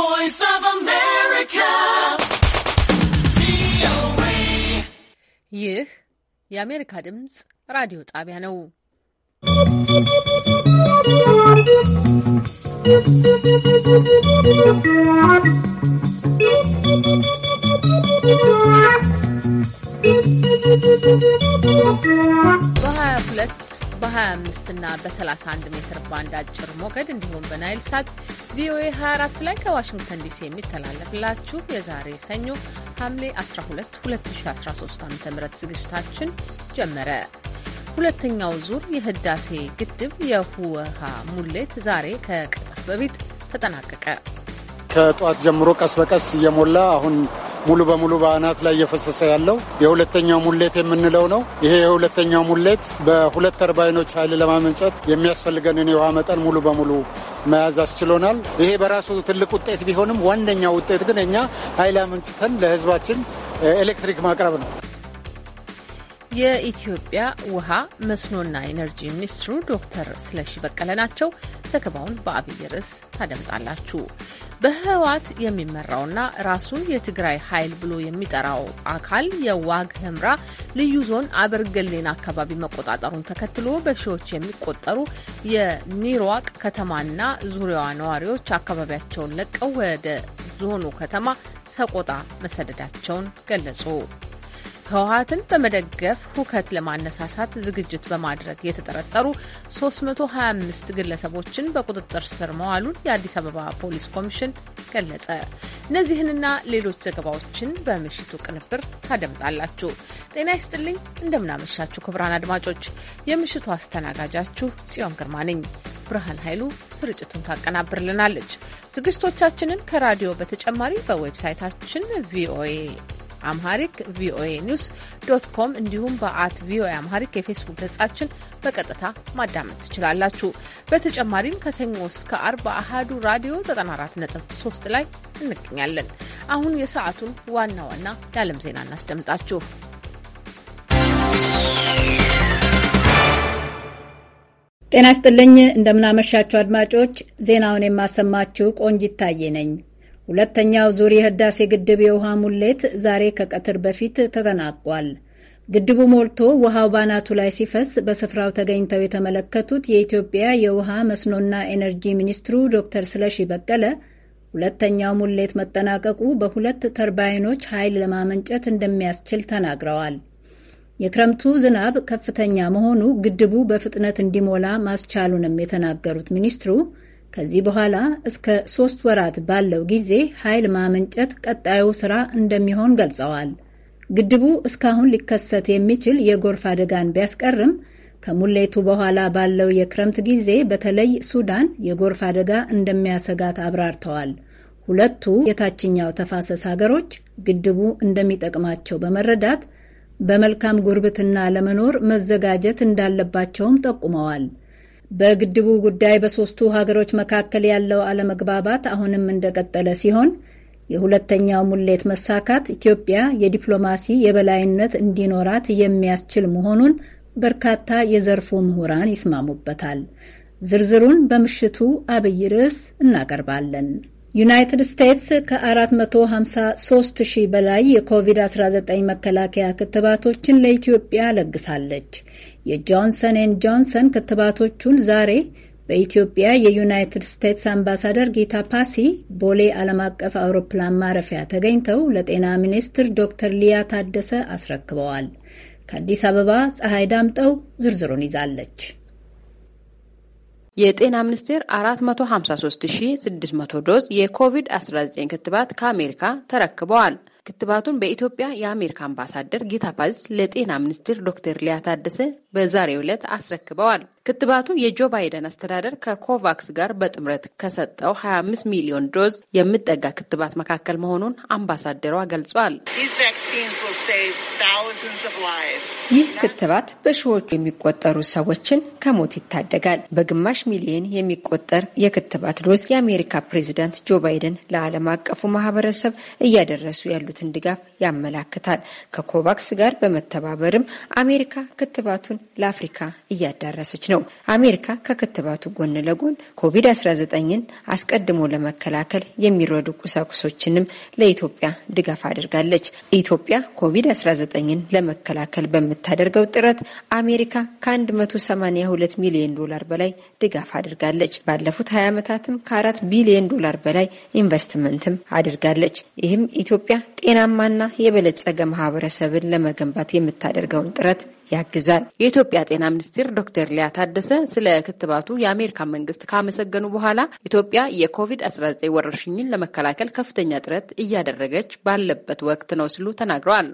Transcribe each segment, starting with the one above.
voice of America. ይህ የአሜሪካ ድምጽ ራዲዮ ጣቢያ ነው። በ22 በ25 እና በ31 ሜትር ባንድ አጭር ሞገድ እንዲሁም በናይል ሳት ቪኦኤ 24 ላይ ከዋሽንግተን ዲሲ የሚተላለፍላችሁ የዛሬ ሰኞ ሐምሌ 12 2013 ዓ ም ዝግጅታችን ጀመረ። ሁለተኛው ዙር የህዳሴ ግድብ የውሃ ሙሌት ዛሬ ከቀናት በፊት ተጠናቀቀ። ከጠዋት ጀምሮ ቀስ በቀስ እየሞላ አሁን ሙሉ በሙሉ በአናት ላይ እየፈሰሰ ያለው የሁለተኛው ሙሌት የምንለው ነው። ይሄ የሁለተኛው ሙሌት በሁለት ተርባይኖች ኃይል ለማመንጨት የሚያስፈልገንን የውሃ መጠን ሙሉ በሙሉ መያዝ አስችሎናል። ይሄ በራሱ ትልቅ ውጤት ቢሆንም ዋነኛው ውጤት ግን እኛ ኃይል አመንጭተን ለህዝባችን ኤሌክትሪክ ማቅረብ ነው። የኢትዮጵያ ውሃ መስኖና ኢነርጂ ሚኒስትሩ ዶክተር ስለሺ በቀለ ናቸው። ዘገባውን በአብይ ርዕስ ታደምጣላችሁ። በህወሓት የሚመራውና ራሱን የትግራይ ኃይል ብሎ የሚጠራው አካል የዋግ ህምራ ልዩ ዞን አበርገሌን አካባቢ መቆጣጠሩን ተከትሎ በሺዎች የሚቆጠሩ የሚሯቅ ከተማና ዙሪያዋ ነዋሪዎች አካባቢያቸውን ለቀው ወደ ዞኑ ከተማ ሰቆጣ መሰደዳቸውን ገለጹ። ህወሀትን በመደገፍ ሁከት ለማነሳሳት ዝግጅት በማድረግ የተጠረጠሩ 325 ግለሰቦችን በቁጥጥር ስር መዋሉን የአዲስ አበባ ፖሊስ ኮሚሽን ገለጸ። እነዚህንና ሌሎች ዘገባዎችን በምሽቱ ቅንብር ታደምጣላችሁ። ጤና ይስጥልኝ፣ እንደምናመሻችሁ ክቡራን አድማጮች፣ የምሽቱ አስተናጋጃችሁ ጽዮን ግርማ ነኝ። ብርሃን ኃይሉ ስርጭቱን ታቀናብርልናለች። ዝግጅቶቻችንን ከራዲዮ በተጨማሪ በዌብሳይታችን ቪኦኤ አምሃሪክ ቪኦኤ ኒውስ ዶት ኮም እንዲሁም በአት ቪኦኤ አምሃሪክ የፌስቡክ ገጻችን በቀጥታ ማዳመጥ ትችላላችሁ። በተጨማሪም ከሰኞ እስከ አርብ በአሃዱ ራዲዮ 94.3 ላይ እንገኛለን። አሁን የሰዓቱን ዋና ዋና የዓለም ዜና እናስደምጣችሁ። ጤና ይስጥልኝ እንደምናመሻችሁ አድማጮች፣ ዜናውን የማሰማችሁ ቆንጅ ይታየ ነኝ። ሁለተኛው ዙር የህዳሴ ግድብ የውሃ ሙሌት ዛሬ ከቀትር በፊት ተጠናቋል። ግድቡ ሞልቶ ውሃው ባናቱ ላይ ሲፈስ በስፍራው ተገኝተው የተመለከቱት የኢትዮጵያ የውሃ መስኖና ኤነርጂ ሚኒስትሩ ዶክተር ስለሺ በቀለ ሁለተኛው ሙሌት መጠናቀቁ በሁለት ተርባይኖች ኃይል ለማመንጨት እንደሚያስችል ተናግረዋል። የክረምቱ ዝናብ ከፍተኛ መሆኑ ግድቡ በፍጥነት እንዲሞላ ማስቻሉንም የተናገሩት ሚኒስትሩ ከዚህ በኋላ እስከ ሶስት ወራት ባለው ጊዜ ኃይል ማመንጨት ቀጣዩ ስራ እንደሚሆን ገልጸዋል። ግድቡ እስካሁን ሊከሰት የሚችል የጎርፍ አደጋን ቢያስቀርም ከሙሌቱ በኋላ ባለው የክረምት ጊዜ በተለይ ሱዳን የጎርፍ አደጋ እንደሚያሰጋት አብራርተዋል። ሁለቱ የታችኛው ተፋሰስ ሀገሮች ግድቡ እንደሚጠቅማቸው በመረዳት በመልካም ጉርብትና ለመኖር መዘጋጀት እንዳለባቸውም ጠቁመዋል። በግድቡ ጉዳይ በሶስቱ ሀገሮች መካከል ያለው አለመግባባት አሁንም እንደቀጠለ ሲሆን የሁለተኛው ሙሌት መሳካት ኢትዮጵያ የዲፕሎማሲ የበላይነት እንዲኖራት የሚያስችል መሆኑን በርካታ የዘርፉ ምሁራን ይስማሙበታል። ዝርዝሩን በምሽቱ አብይ ርዕስ እናቀርባለን። ዩናይትድ ስቴትስ ከ453 ሺህ በላይ የኮቪድ-19 መከላከያ ክትባቶችን ለኢትዮጵያ ለግሳለች። የጆንሰን ኤንድ ጆንሰን ክትባቶቹን ዛሬ በኢትዮጵያ የዩናይትድ ስቴትስ አምባሳደር ጊታ ፓሲ ቦሌ ዓለም አቀፍ አውሮፕላን ማረፊያ ተገኝተው ለጤና ሚኒስትር ዶክተር ሊያ ታደሰ አስረክበዋል። ከአዲስ አበባ ፀሐይ ዳምጠው ዝርዝሩን ይዛለች። የጤና ሚኒስቴር 453600 ዶዝ የኮቪድ-19 ክትባት ከአሜሪካ ተረክበዋል። ክትባቱን በኢትዮጵያ የአሜሪካ አምባሳደር ጌታ ፓዝ ለጤና ሚኒስትር ዶክተር ሊያ ታደሰ በዛሬው ዕለት አስረክበዋል። ክትባቱ የጆ ባይደን አስተዳደር ከኮቫክስ ጋር በጥምረት ከሰጠው 25 ሚሊዮን ዶዝ የሚጠጋ ክትባት መካከል መሆኑን አምባሳደሯ ገልጿል። ይህ ክትባት በሺዎቹ የሚቆጠሩ ሰዎችን ከሞት ይታደጋል። በግማሽ ሚሊዮን የሚቆጠር የክትባት ዶዝ የአሜሪካ ፕሬዚዳንት ጆ ባይደን ለዓለም አቀፉ ማህበረሰብ እያደረሱ ያሉትን ድጋፍ ያመላክታል። ከኮቫክስ ጋር በመተባበርም አሜሪካ ክትባቱን ለአፍሪካ እያዳረሰች ነው። ነው። አሜሪካ ከክትባቱ ጎን ለጎን ኮቪድ-19ን አስቀድሞ ለመከላከል የሚረዱ ቁሳቁሶችንም ለኢትዮጵያ ድጋፍ አድርጋለች። ኢትዮጵያ ኮቪድ-19ን ለመከላከል በምታደርገው ጥረት አሜሪካ ከ182 ሚሊዮን ዶላር በላይ ድጋፍ አድርጋለች። ባለፉት 20 ዓመታትም ከ4 ቢሊዮን ዶላር በላይ ኢንቨስትመንትም አድርጋለች። ይህም ኢትዮጵያ ጤናማና የበለጸገ ማህበረሰብን ለመገንባት የምታደርገውን ጥረት ያግዛል። የኢትዮጵያ ጤና ሚኒስትር ዶክተር ሊያ ታደሰ ስለ ክትባቱ የአሜሪካ መንግስት ካመሰገኑ በኋላ ኢትዮጵያ የኮቪድ-19 ወረርሽኝን ለመከላከል ከፍተኛ ጥረት እያደረገች ባለበት ወቅት ነው ሲሉ ተናግረዋል።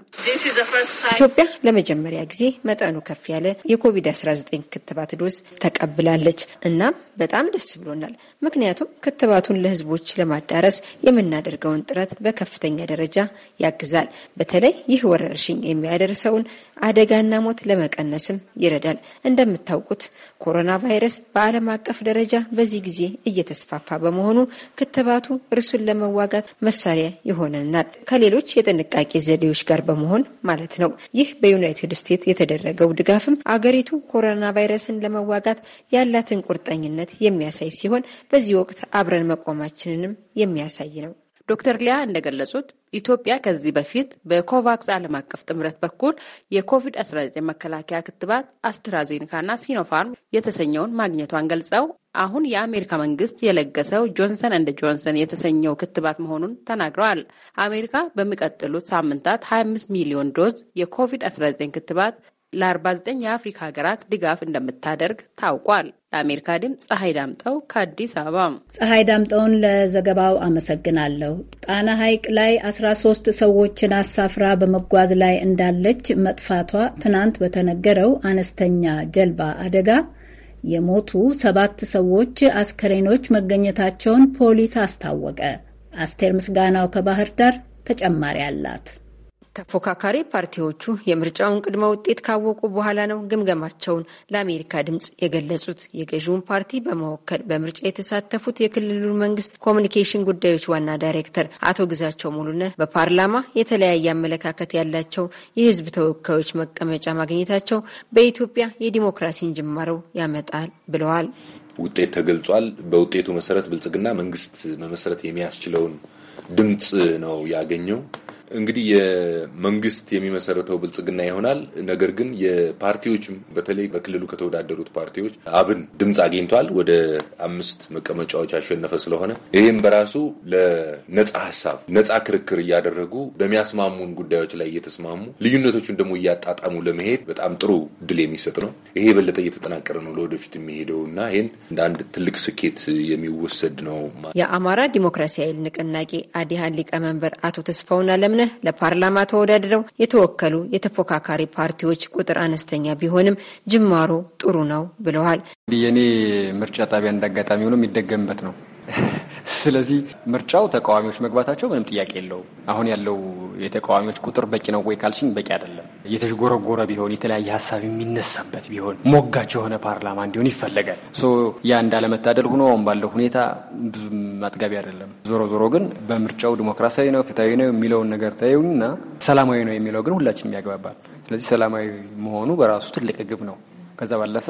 ኢትዮጵያ ለመጀመሪያ ጊዜ መጠኑ ከፍ ያለ የኮቪድ-19 ክትባት ዶስ ተቀብላለች። እናም በጣም ደስ ብሎናል። ምክንያቱም ክትባቱን ለህዝቦች ለማዳረስ የምናደርገውን ጥረት በከፍተኛ ደረጃ ያግዛል። በተለይ ይህ ወረርሽኝ የሚያደርሰውን አደጋና ሞት ለመቀነስም ይረዳል። እንደምታውቁት ኮሮና ቫይረስ በዓለም አቀፍ ደረጃ በዚህ ጊዜ እየተስፋፋ በመሆኑ ክትባቱ እርሱን ለመዋጋት መሳሪያ ይሆነናል ከሌሎች የጥንቃቄ ዘዴዎች ጋር በመሆን ማለት ነው። ይህ በዩናይትድ ስቴትስ የተደረገው ድጋፍም አገሪቱ ኮሮና ቫይረስን ለመዋጋት ያላትን ቁርጠኝነት የሚያሳይ ሲሆን በዚህ ወቅት አብረን መቆማችንንም የሚያሳይ ነው። ዶክተር ሊያ እንደገለጹት ኢትዮጵያ ከዚህ በፊት በኮቫክስ ዓለም አቀፍ ጥምረት በኩል የኮቪድ-19 መከላከያ ክትባት አስትራዜኒካና ሲኖፋርም የተሰኘውን ማግኘቷን ገልጸው አሁን የአሜሪካ መንግስት የለገሰው ጆንሰን እንደ ጆንሰን የተሰኘው ክትባት መሆኑን ተናግረዋል። አሜሪካ በሚቀጥሉት ሳምንታት 25 ሚሊዮን ዶዝ የኮቪድ-19 ክትባት ለ49 የአፍሪካ ሀገራት ድጋፍ እንደምታደርግ ታውቋል። ለአሜሪካ ድምፅ ፀሐይ ዳምጠው ከአዲስ አበባ። ፀሐይ ዳምጠውን ለዘገባው አመሰግናለሁ። ጣና ሐይቅ ላይ 13 ሰዎችን አሳፍራ በመጓዝ ላይ እንዳለች መጥፋቷ ትናንት በተነገረው አነስተኛ ጀልባ አደጋ የሞቱ ሰባት ሰዎች አስከሬኖች መገኘታቸውን ፖሊስ አስታወቀ። አስቴር ምስጋናው ከባህር ዳር ተጨማሪ አላት። ተፎካካሪ ፓርቲዎቹ የምርጫውን ቅድመ ውጤት ካወቁ በኋላ ነው ግምገማቸውን ለአሜሪካ ድምፅ የገለጹት። የገዢውን ፓርቲ በመወከል በምርጫ የተሳተፉት የክልሉ መንግስት ኮሚኒኬሽን ጉዳዮች ዋና ዳይሬክተር አቶ ግዛቸው ሙሉነ በፓርላማ የተለያየ አመለካከት ያላቸው የህዝብ ተወካዮች መቀመጫ ማግኘታቸው በኢትዮጵያ የዲሞክራሲን ጅማረው ያመጣል ብለዋል። ውጤት ተገልጿል። በውጤቱ መሰረት ብልጽግና መንግስት መመሰረት የሚያስችለውን ድምፅ ነው ያገኘው። እንግዲህ የመንግስት የሚመሰረተው ብልጽግና ይሆናል። ነገር ግን የፓርቲዎችም በተለይ በክልሉ ከተወዳደሩት ፓርቲዎች አብን ድምፅ አግኝቷል። ወደ አምስት መቀመጫዎች ያሸነፈ ስለሆነ ይህም በራሱ ለነጻ ሀሳብ ነጻ ክርክር እያደረጉ በሚያስማሙን ጉዳዮች ላይ እየተስማሙ ልዩነቶቹን ደግሞ እያጣጣሙ ለመሄድ በጣም ጥሩ እድል የሚሰጥ ነው። ይሄ የበለጠ እየተጠናቀረ ነው ለወደፊት የሚሄደው እና ይህን እንደ አንድ ትልቅ ስኬት የሚወሰድ ነው። የአማራ ዲሞክራሲያዊ ንቅናቄ አዲሃን ሊቀመንበር አቶ ተስፋውን አለምነ ከሆነ ለፓርላማ ተወዳድረው የተወከሉ የተፎካካሪ ፓርቲዎች ቁጥር አነስተኛ ቢሆንም ጅማሮ ጥሩ ነው ብለዋል። የኔ ምርጫ ጣቢያ እንዳጋጣሚ ሆኖ የሚደገምበት ነው። ስለዚህ ምርጫው ተቃዋሚዎች መግባታቸው ምንም ጥያቄ የለውም። አሁን ያለው የተቃዋሚዎች ቁጥር በቂ ነው ወይ ካልሽኝ በቂ አይደለም። እየተሽጎረጎረ ቢሆን የተለያየ ሀሳብ የሚነሳበት ቢሆን ሞጋች የሆነ ፓርላማ እንዲሆን ይፈለጋል። ያ እንዳለመታደል ሆኖ አሁን ባለው ሁኔታ ብዙ አጥጋቢ አይደለም። ዞሮ ዞሮ ግን በምርጫው ዲሞክራሲያዊ ነው ፍትሐዊ ነው የሚለውን ነገር ታዩና ሰላማዊ ነው የሚለው ግን ሁላችንም ያግባባል። ስለዚህ ሰላማዊ መሆኑ በራሱ ትልቅ ግብ ነው። ከዛ ባለፈ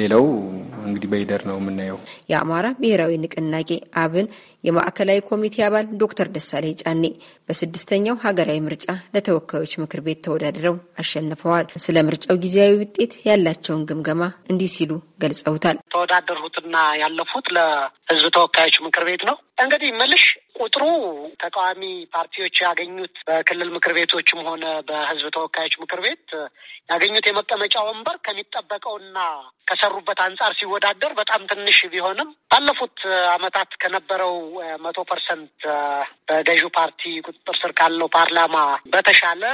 ሌላው እንግዲህ በይደር ነው የምናየው። የአማራ ብሔራዊ ንቅናቄ አብን የማዕከላዊ ኮሚቴ አባል ዶክተር ደሳለኝ ጫኔ በስድስተኛው ሀገራዊ ምርጫ ለተወካዮች ምክር ቤት ተወዳድረው አሸንፈዋል። ስለ ምርጫው ጊዜያዊ ውጤት ያላቸውን ግምገማ እንዲህ ሲሉ ገልጸውታል። ተወዳደርሁትና ያለፉት ለህዝብ ተወካዮች ምክር ቤት ነው። እንግዲህ ምልሽ ቁጥሩ ተቃዋሚ ፓርቲዎች ያገኙት በክልል ምክር ቤቶችም ሆነ በህዝብ ተወካዮች ምክር ቤት ያገኙት የመቀመጫ ወንበር ከሚጠበቀውና ከሰሩበት አንጻር ሲወዳደር በጣም ትንሽ ቢሆንም ባለፉት አመታት ከነበረው መቶ ፐርሰንት በገዢው ፓርቲ ቁጥጥር ስር ካለው ፓርላማ በተሻለ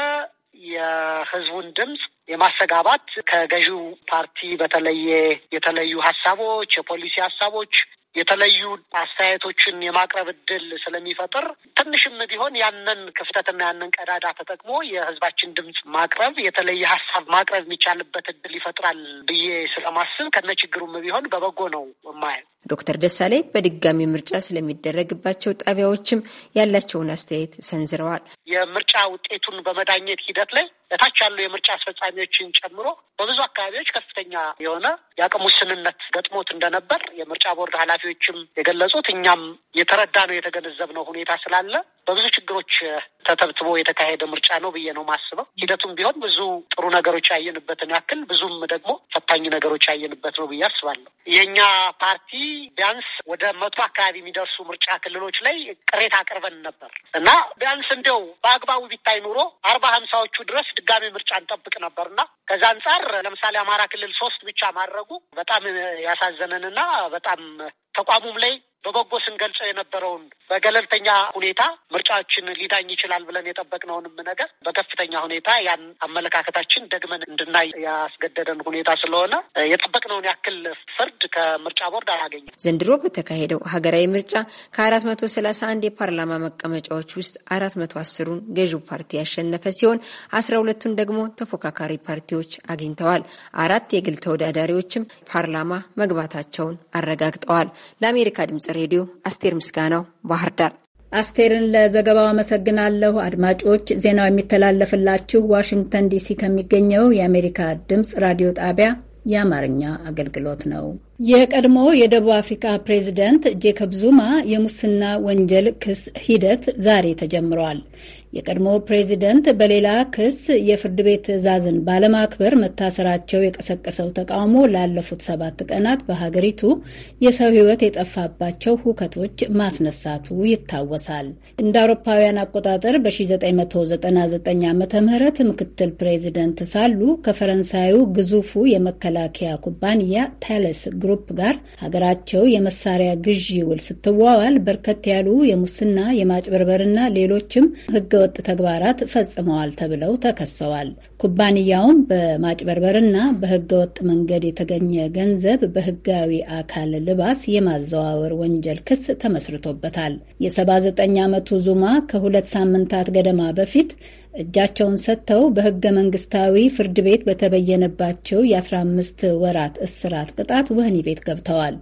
የህዝቡን ድምፅ የማስተጋባት ከገዢው ፓርቲ በተለየ የተለዩ ሀሳቦች፣ የፖሊሲ ሀሳቦች የተለዩ አስተያየቶችን የማቅረብ እድል ስለሚፈጥር ትንሽም ቢሆን ያንን ክፍተትና ያንን ቀዳዳ ተጠቅሞ የህዝባችን ድምፅ ማቅረብ የተለየ ሀሳብ ማቅረብ የሚቻልበት እድል ይፈጥራል ብዬ ስለማስብ ከነ ችግሩም ቢሆን በበጎ ነው የማየው። ዶክተር ደሳለኝ በድጋሚ ምርጫ ስለሚደረግባቸው ጣቢያዎችም ያላቸውን አስተያየት ሰንዝረዋል። የምርጫ ውጤቱን በመዳኘት ሂደት ላይ በታች ያሉ የምርጫ አስፈጻሚዎችን ጨምሮ በብዙ አካባቢዎች ከፍተኛ የሆነ የአቅም ውስንነት ገጥሞት እንደነበር የምርጫ ቦርድ ኃላፊ ኃላፊዎችም የገለጹት እኛም የተረዳ ነው የተገነዘብነው ሁኔታ ስላለ በብዙ ችግሮች ተተብትቦ የተካሄደ ምርጫ ነው ብዬ ነው ማስበው። ሂደቱም ቢሆን ብዙ ጥሩ ነገሮች ያየንበትን ያክል ብዙም ደግሞ ፈታኝ ነገሮች ያየንበት ነው ብዬ አስባለሁ። የእኛ ፓርቲ ቢያንስ ወደ መቶ አካባቢ የሚደርሱ ምርጫ ክልሎች ላይ ቅሬታ አቅርበን ነበር እና ቢያንስ እንዲው በአግባቡ ቢታይ ኑሮ አርባ ሀምሳዎቹ ድረስ ድጋሜ ምርጫ እንጠብቅ ነበር እና ከዛ አንጻር ለምሳሌ አማራ ክልል ሶስት ብቻ ማድረጉ በጣም ያሳዘነንና በጣም ተቋሙም ላይ በበጎ ስንገልጸው የነበረውን በገለልተኛ ሁኔታ ምርጫዎችን ሊዳኝ ይችላል ብለን የጠበቅነውንም ነገር በከፍተኛ ሁኔታ ያን አመለካከታችን ደግመን እንድናይ ያስገደደን ሁኔታ ስለሆነ የጠበቅነውን ያክል ፍርድ ከምርጫ ቦርድ አላገኘም። ዘንድሮ በተካሄደው ሀገራዊ ምርጫ ከአራት መቶ ሰላሳ አንድ የፓርላማ መቀመጫዎች ውስጥ አራት መቶ አስሩን ገዢው ፓርቲ ያሸነፈ ሲሆን አስራ ሁለቱን ደግሞ ተፎካካሪ ፓርቲዎች አግኝተዋል። አራት የግል ተወዳዳሪዎችም ፓርላማ መግባታቸውን አረጋግጠዋል። ለአሜሪካ ድምጽ ሬዲዮ አስቴር ምስጋናው ባህር ዳር። አስቴርን ለዘገባው አመሰግናለሁ። አድማጮች፣ ዜናው የሚተላለፍላችሁ ዋሽንግተን ዲሲ ከሚገኘው የአሜሪካ ድምፅ ራዲዮ ጣቢያ የአማርኛ አገልግሎት ነው። የቀድሞ የደቡብ አፍሪካ ፕሬዚደንት ጄኮብ ዙማ የሙስና ወንጀል ክስ ሂደት ዛሬ ተጀምሯል። የቀድሞ ፕሬዚደንት በሌላ ክስ የፍርድ ቤት ትዕዛዝን ባለማክበር መታሰራቸው የቀሰቀሰው ተቃውሞ ላለፉት ሰባት ቀናት በሀገሪቱ የሰው ሕይወት የጠፋባቸው ሁከቶች ማስነሳቱ ይታወሳል። እንደ አውሮፓውያን አቆጣጠር በ1999 ዓ ም ምክትል ፕሬዚደንት ሳሉ ከፈረንሳዩ ግዙፉ የመከላከያ ኩባንያ ታለስ ግሩፕ ጋር ሀገራቸው የመሳሪያ ግዢ ውል ስትዋዋል በርከት ያሉ የሙስና የማጭበርበርና ሌሎችም ህገ ህገወጥ ተግባራት ፈጽመዋል ተብለው ተከሰዋል። ኩባንያውም በማጭበርበርና በህገወጥ መንገድ የተገኘ ገንዘብ በህጋዊ አካል ልባስ የማዘዋወር ወንጀል ክስ ተመስርቶበታል። የ79 ዓመቱ ዙማ ከሁለት ሳምንታት ገደማ በፊት እጃቸውን ሰጥተው በሕገ መንግስታዊ ፍርድ ቤት በተበየነባቸው የ15 ወራት እስራት ቅጣት ወህኒ ቤት ገብተዋል።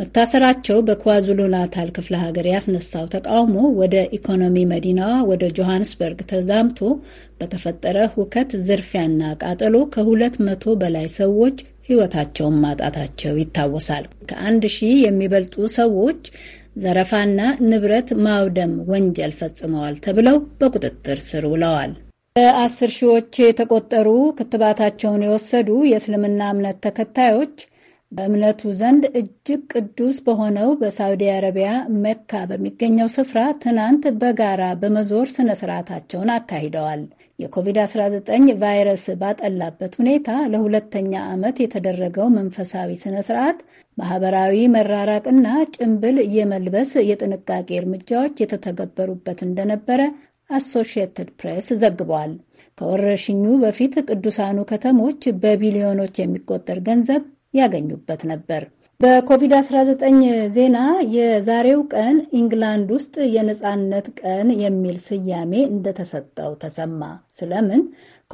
መታሰራቸው በኳዙሉ ናታል ክፍለ ሀገር ያስነሳው ተቃውሞ ወደ ኢኮኖሚ መዲናዋ ወደ ጆሃንስበርግ ተዛምቶ በተፈጠረ ሁከት፣ ዝርፊያና ቃጠሎ ከሁለት መቶ በላይ ሰዎች ህይወታቸውን ማጣታቸው ይታወሳል። ከአንድ ሺህ የሚበልጡ ሰዎች ዘረፋና ንብረት ማውደም ወንጀል ፈጽመዋል ተብለው በቁጥጥር ስር ውለዋል። በአስር ሺዎች የተቆጠሩ ክትባታቸውን የወሰዱ የእስልምና እምነት ተከታዮች በእምነቱ ዘንድ እጅግ ቅዱስ በሆነው በሳውዲ አረቢያ መካ በሚገኘው ስፍራ ትናንት በጋራ በመዞር ስነ ስርዓታቸውን አካሂደዋል። የኮቪድ-19 ቫይረስ ባጠላበት ሁኔታ ለሁለተኛ ዓመት የተደረገው መንፈሳዊ ስነ ስርዓት ማህበራዊ መራራቅና ጭንብል የመልበስ የጥንቃቄ እርምጃዎች የተተገበሩበት እንደነበረ አሶሺየትድ ፕሬስ ዘግቧል። ከወረርሽኙ በፊት ቅዱሳኑ ከተሞች በቢሊዮኖች የሚቆጠር ገንዘብ ያገኙበት ነበር። በኮቪድ-19 ዜና የዛሬው ቀን ኢንግላንድ ውስጥ የነፃነት ቀን የሚል ስያሜ እንደተሰጠው ተሰማ። ስለምን?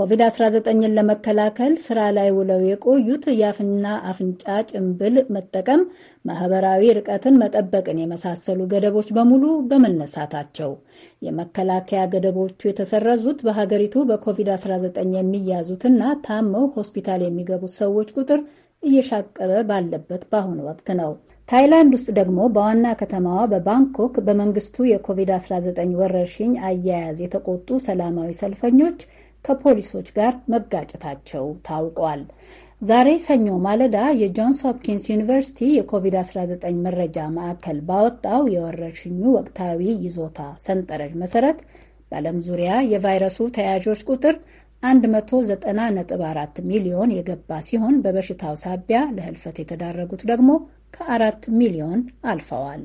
ኮቪድ-19ን ለመከላከል ስራ ላይ ውለው የቆዩት የአፍና አፍንጫ ጭንብል መጠቀም፣ ማህበራዊ ርቀትን መጠበቅን የመሳሰሉ ገደቦች በሙሉ በመነሳታቸው። የመከላከያ ገደቦቹ የተሰረዙት በሀገሪቱ በኮቪድ-19 የሚያዙትና ታመው ሆስፒታል የሚገቡት ሰዎች ቁጥር እየሻቀበ ባለበት በአሁኑ ወቅት ነው። ታይላንድ ውስጥ ደግሞ በዋና ከተማዋ በባንኮክ በመንግስቱ የኮቪድ-19 ወረርሽኝ አያያዝ የተቆጡ ሰላማዊ ሰልፈኞች ከፖሊሶች ጋር መጋጨታቸው ታውቋል። ዛሬ ሰኞ ማለዳ የጆንስ ሆፕኪንስ ዩኒቨርሲቲ የኮቪድ-19 መረጃ ማዕከል ባወጣው የወረርሽኙ ወቅታዊ ይዞታ ሰንጠረዥ መሰረት በዓለም ዙሪያ የቫይረሱ ተያዦች ቁጥር 190.4 ሚሊዮን የገባ ሲሆን በበሽታው ሳቢያ ለህልፈት የተዳረጉት ደግሞ ከ ከ4 ሚሊዮን አልፈዋል።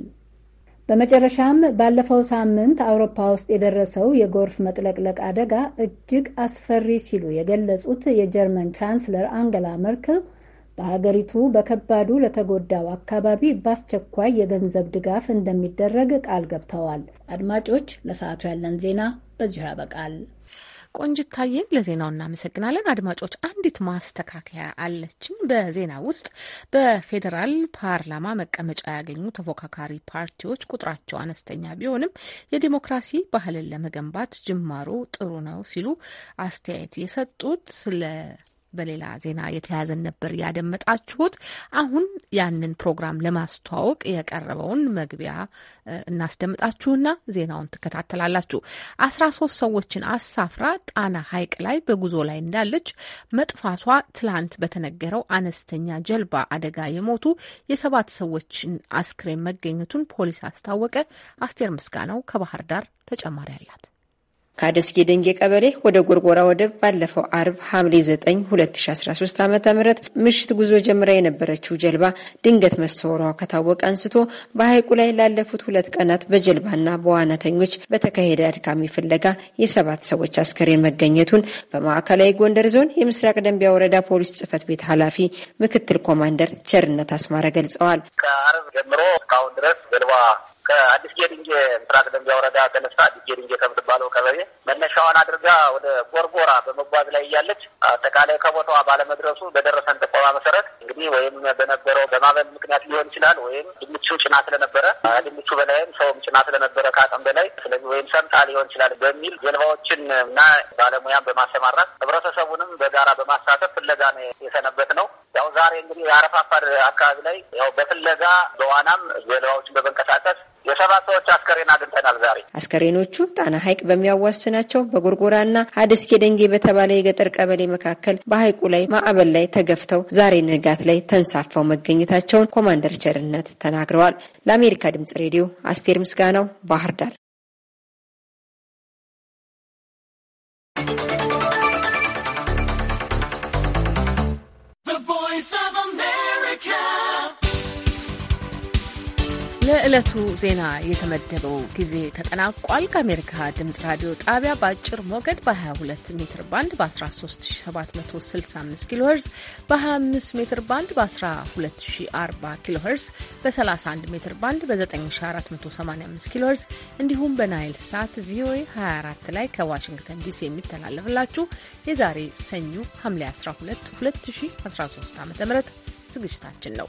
በመጨረሻም ባለፈው ሳምንት አውሮፓ ውስጥ የደረሰው የጎርፍ መጥለቅለቅ አደጋ እጅግ አስፈሪ ሲሉ የገለጹት የጀርመን ቻንስለር አንገላ መርክል በሀገሪቱ በከባዱ ለተጎዳው አካባቢ በአስቸኳይ የገንዘብ ድጋፍ እንደሚደረግ ቃል ገብተዋል። አድማጮች፣ ለሰዓቱ ያለን ዜና በዚሁ ያበቃል። ቆንጅት ታየን ለዜናው እናመሰግናለን። አድማጮች፣ አንዲት ማስተካከያ አለችን በዜና ውስጥ በፌዴራል ፓርላማ መቀመጫ ያገኙ ተፎካካሪ ፓርቲዎች ቁጥራቸው አነስተኛ ቢሆንም የዲሞክራሲ ባህልን ለመገንባት ጅማሮ ጥሩ ነው ሲሉ አስተያየት የሰጡት ስለ በሌላ ዜና የተያዘን ነበር ያደመጣችሁት። አሁን ያንን ፕሮግራም ለማስተዋወቅ የቀረበውን መግቢያ እናስደምጣችሁና ዜናውን ትከታተላላችሁ። አስራ ሶስት ሰዎችን አሳፍራ ጣና ሐይቅ ላይ በጉዞ ላይ እንዳለች መጥፋቷ ትላንት በተነገረው አነስተኛ ጀልባ አደጋ የሞቱ የሰባት ሰዎችን አስክሬን መገኘቱን ፖሊስ አስታወቀ። አስቴር ምስጋናው ከባህር ዳር ተጨማሪ አላት። ከአደስጌ ደንጌ ቀበሌ ወደ ጎርጎራ ወደብ ባለፈው አርብ ሐምሌ 9 2013 ዓ ም ምሽት ጉዞ ጀምራ የነበረችው ጀልባ ድንገት መሰወሯ ከታወቀ አንስቶ በሐይቁ ላይ ላለፉት ሁለት ቀናት በጀልባና በዋናተኞች በተካሄደ አድካሚ ፍለጋ የሰባት ሰዎች አስከሬን መገኘቱን በማዕከላዊ ጎንደር ዞን የምስራቅ ደንቢያ ወረዳ ፖሊስ ጽህፈት ቤት ኃላፊ ምክትል ኮማንደር ቸርነት አስማረ ገልጸዋል። ከአርብ ጀምሮ እስካሁን ድረስ ጀልባ ከአዲስ ጌድንጌ ምስራቅ ደንቢያ ወረዳ ተነሳ አዲስ ጌድንጌ ከምትባለው ቀበሌ መነሻዋን አድርጋ ወደ ጎርጎራ በመጓዝ ላይ እያለች አጠቃላይ ከቦታዋ ባለመድረሱ በደረሰን ጥቆማ መሰረት እንግዲህ ወይም በነበረው በማበል ምክንያት ሊሆን ይችላል ወይም ድምቹ ጭና ስለነበረ ድምቹ በላይም ሰውም ጭና ስለነበረ ከአቅም በላይ ስለዚህ ወይም ሰምጣ ሊሆን ይችላል በሚል ጀልባዎችን እና ባለሙያን በማሰማራት ህብረተሰቡንም በጋራ በማሳተፍ ፍለጋ ነው የሰነበት ነው። ያው ዛሬ እንግዲህ የአረፋፋር አካባቢ ላይ ያው በፍለጋ በዋናም ጀልባዎችን በመንቀሳቀስ የሰባት ሰዎች አስከሬን አግኝተናል ዛሬ። አስከሬኖቹ ጣና ሐይቅ በሚያዋስናቸው በጎርጎራና ሀዲስ ኬደንጌ በተባለ የገጠር ቀበሌ መካከል በሐይቁ ላይ ማዕበል ላይ ተገፍተው ዛሬ ንጋት ላይ ተንሳፈው መገኘታቸውን ኮማንደር ቸርነት ተናግረዋል። ለአሜሪካ ድምጽ ሬዲዮ አስቴር ምስጋናው ባህር ዳር። ለዕለቱ ዜና የተመደበው ጊዜ ተጠናቋል። ከአሜሪካ ድምጽ ራዲዮ ጣቢያ በአጭር ሞገድ በ22 ሜትር ባንድ በ13765 ኪሎ ሄርዝ፣ በ25 ሜትር ባንድ በ1240 ኪሎ ሄርዝ፣ በ31 ሜትር ባንድ በ9485 ኪሎ ሄርዝ እንዲሁም በናይል ሳት ቪኦኤ 24 ላይ ከዋሽንግተን ዲሲ የሚተላለፍላችሁ የዛሬ ሰኞ ሐምሌ 12 2013 ዓ ም ዝግጅታችን ነው።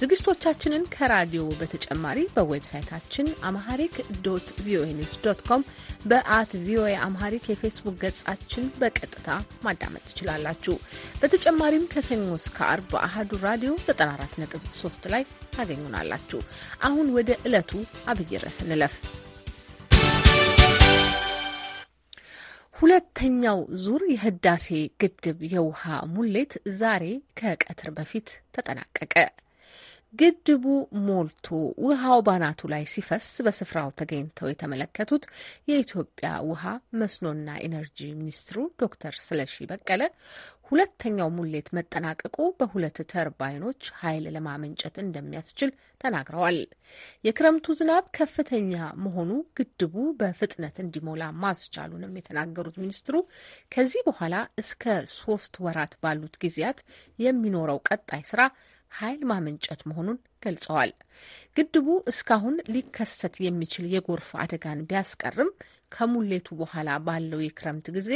ዝግጅቶቻችንን ከራዲዮ በተጨማሪ በዌብሳይታችን አምሃሪክ ዶት ቪኦኤ ኒውስ ዶት ኮም፣ በአት ቪኦኤ አምሃሪክ የፌስቡክ ገጻችን በቀጥታ ማዳመጥ ትችላላችሁ። በተጨማሪም ከሰኞ እስከ አርብ በአህዱ ራዲዮ 94.3 ላይ ታገኙናላችሁ። አሁን ወደ ዕለቱ አብይ ርዕስ እንለፍ። ሁለተኛው ዙር የህዳሴ ግድብ የውሃ ሙሌት ዛሬ ከቀትር በፊት ተጠናቀቀ። ግድቡ ሞልቶ ውሃው ባናቱ ላይ ሲፈስ በስፍራው ተገኝተው የተመለከቱት የኢትዮጵያ ውሃ መስኖና ኢነርጂ ሚኒስትሩ ዶክተር ስለሺ በቀለ ሁለተኛው ሙሌት መጠናቀቁ በሁለት ተርባይኖች ኃይል ለማመንጨት እንደሚያስችል ተናግረዋል። የክረምቱ ዝናብ ከፍተኛ መሆኑ ግድቡ በፍጥነት እንዲሞላ ማስቻሉንም የተናገሩት ሚኒስትሩ ከዚህ በኋላ እስከ ሶስት ወራት ባሉት ጊዜያት የሚኖረው ቀጣይ ስራ ኃይል ማመንጨት መሆኑን ገልጸዋል። ግድቡ እስካሁን ሊከሰት የሚችል የጎርፍ አደጋን ቢያስቀርም ከሙሌቱ በኋላ ባለው የክረምት ጊዜ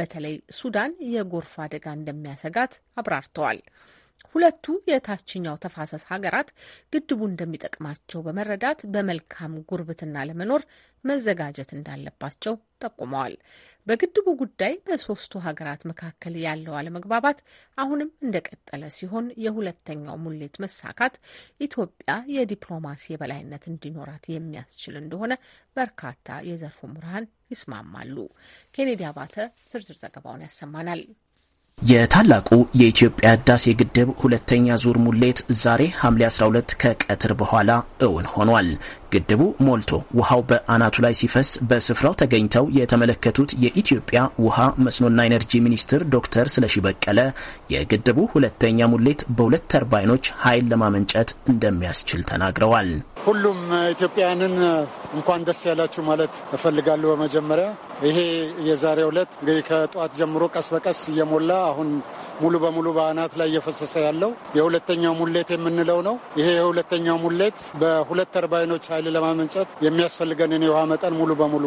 በተለይ ሱዳን የጎርፍ አደጋ እንደሚያሰጋት አብራርተዋል። ሁለቱ የታችኛው ተፋሰስ ሀገራት ግድቡ እንደሚጠቅማቸው በመረዳት በመልካም ጉርብትና ለመኖር መዘጋጀት እንዳለባቸው ጠቁመዋል። በግድቡ ጉዳይ በሶስቱ ሀገራት መካከል ያለው አለመግባባት አሁንም እንደቀጠለ ሲሆን የሁለተኛው ሙሌት መሳካት ኢትዮጵያ የዲፕሎማሲ የበላይነት እንዲኖራት የሚያስችል እንደሆነ በርካታ የዘርፉ ምሁራን ይስማማሉ። ኬኔዲ አባተ ዝርዝር ዘገባውን ያሰማናል። የታላቁ የኢትዮጵያ ህዳሴ ግድብ ሁለተኛ ዙር ሙሌት ዛሬ ሐምሌ 12 ከቀትር በኋላ እውን ሆኗል። ግድቡ ሞልቶ ውሃው በአናቱ ላይ ሲፈስ በስፍራው ተገኝተው የተመለከቱት የኢትዮጵያ ውሃ መስኖና ኤነርጂ ሚኒስትር ዶክተር ስለሺ በቀለ የግድቡ ሁለተኛ ሙሌት በሁለት ተርባይኖች ኃይል ለማመንጨት እንደሚያስችል ተናግረዋል። ሁሉም ኢትዮጵያውያንን እንኳን ደስ ያላችሁ ማለት እፈልጋለሁ። በመጀመሪያ ይሄ የዛሬው ዕለት እንግዲህ ከጠዋት ጀምሮ ቀስ በቀስ እየሞላ አሁን ሙሉ በሙሉ በአናት ላይ እየፈሰሰ ያለው የሁለተኛው ሙሌት የምንለው ነው። ይሄ የሁለተኛው ሙሌት በሁለት ተርባይኖች ኃይል ለማመንጨት የሚያስፈልገንን የውሃ መጠን ሙሉ በሙሉ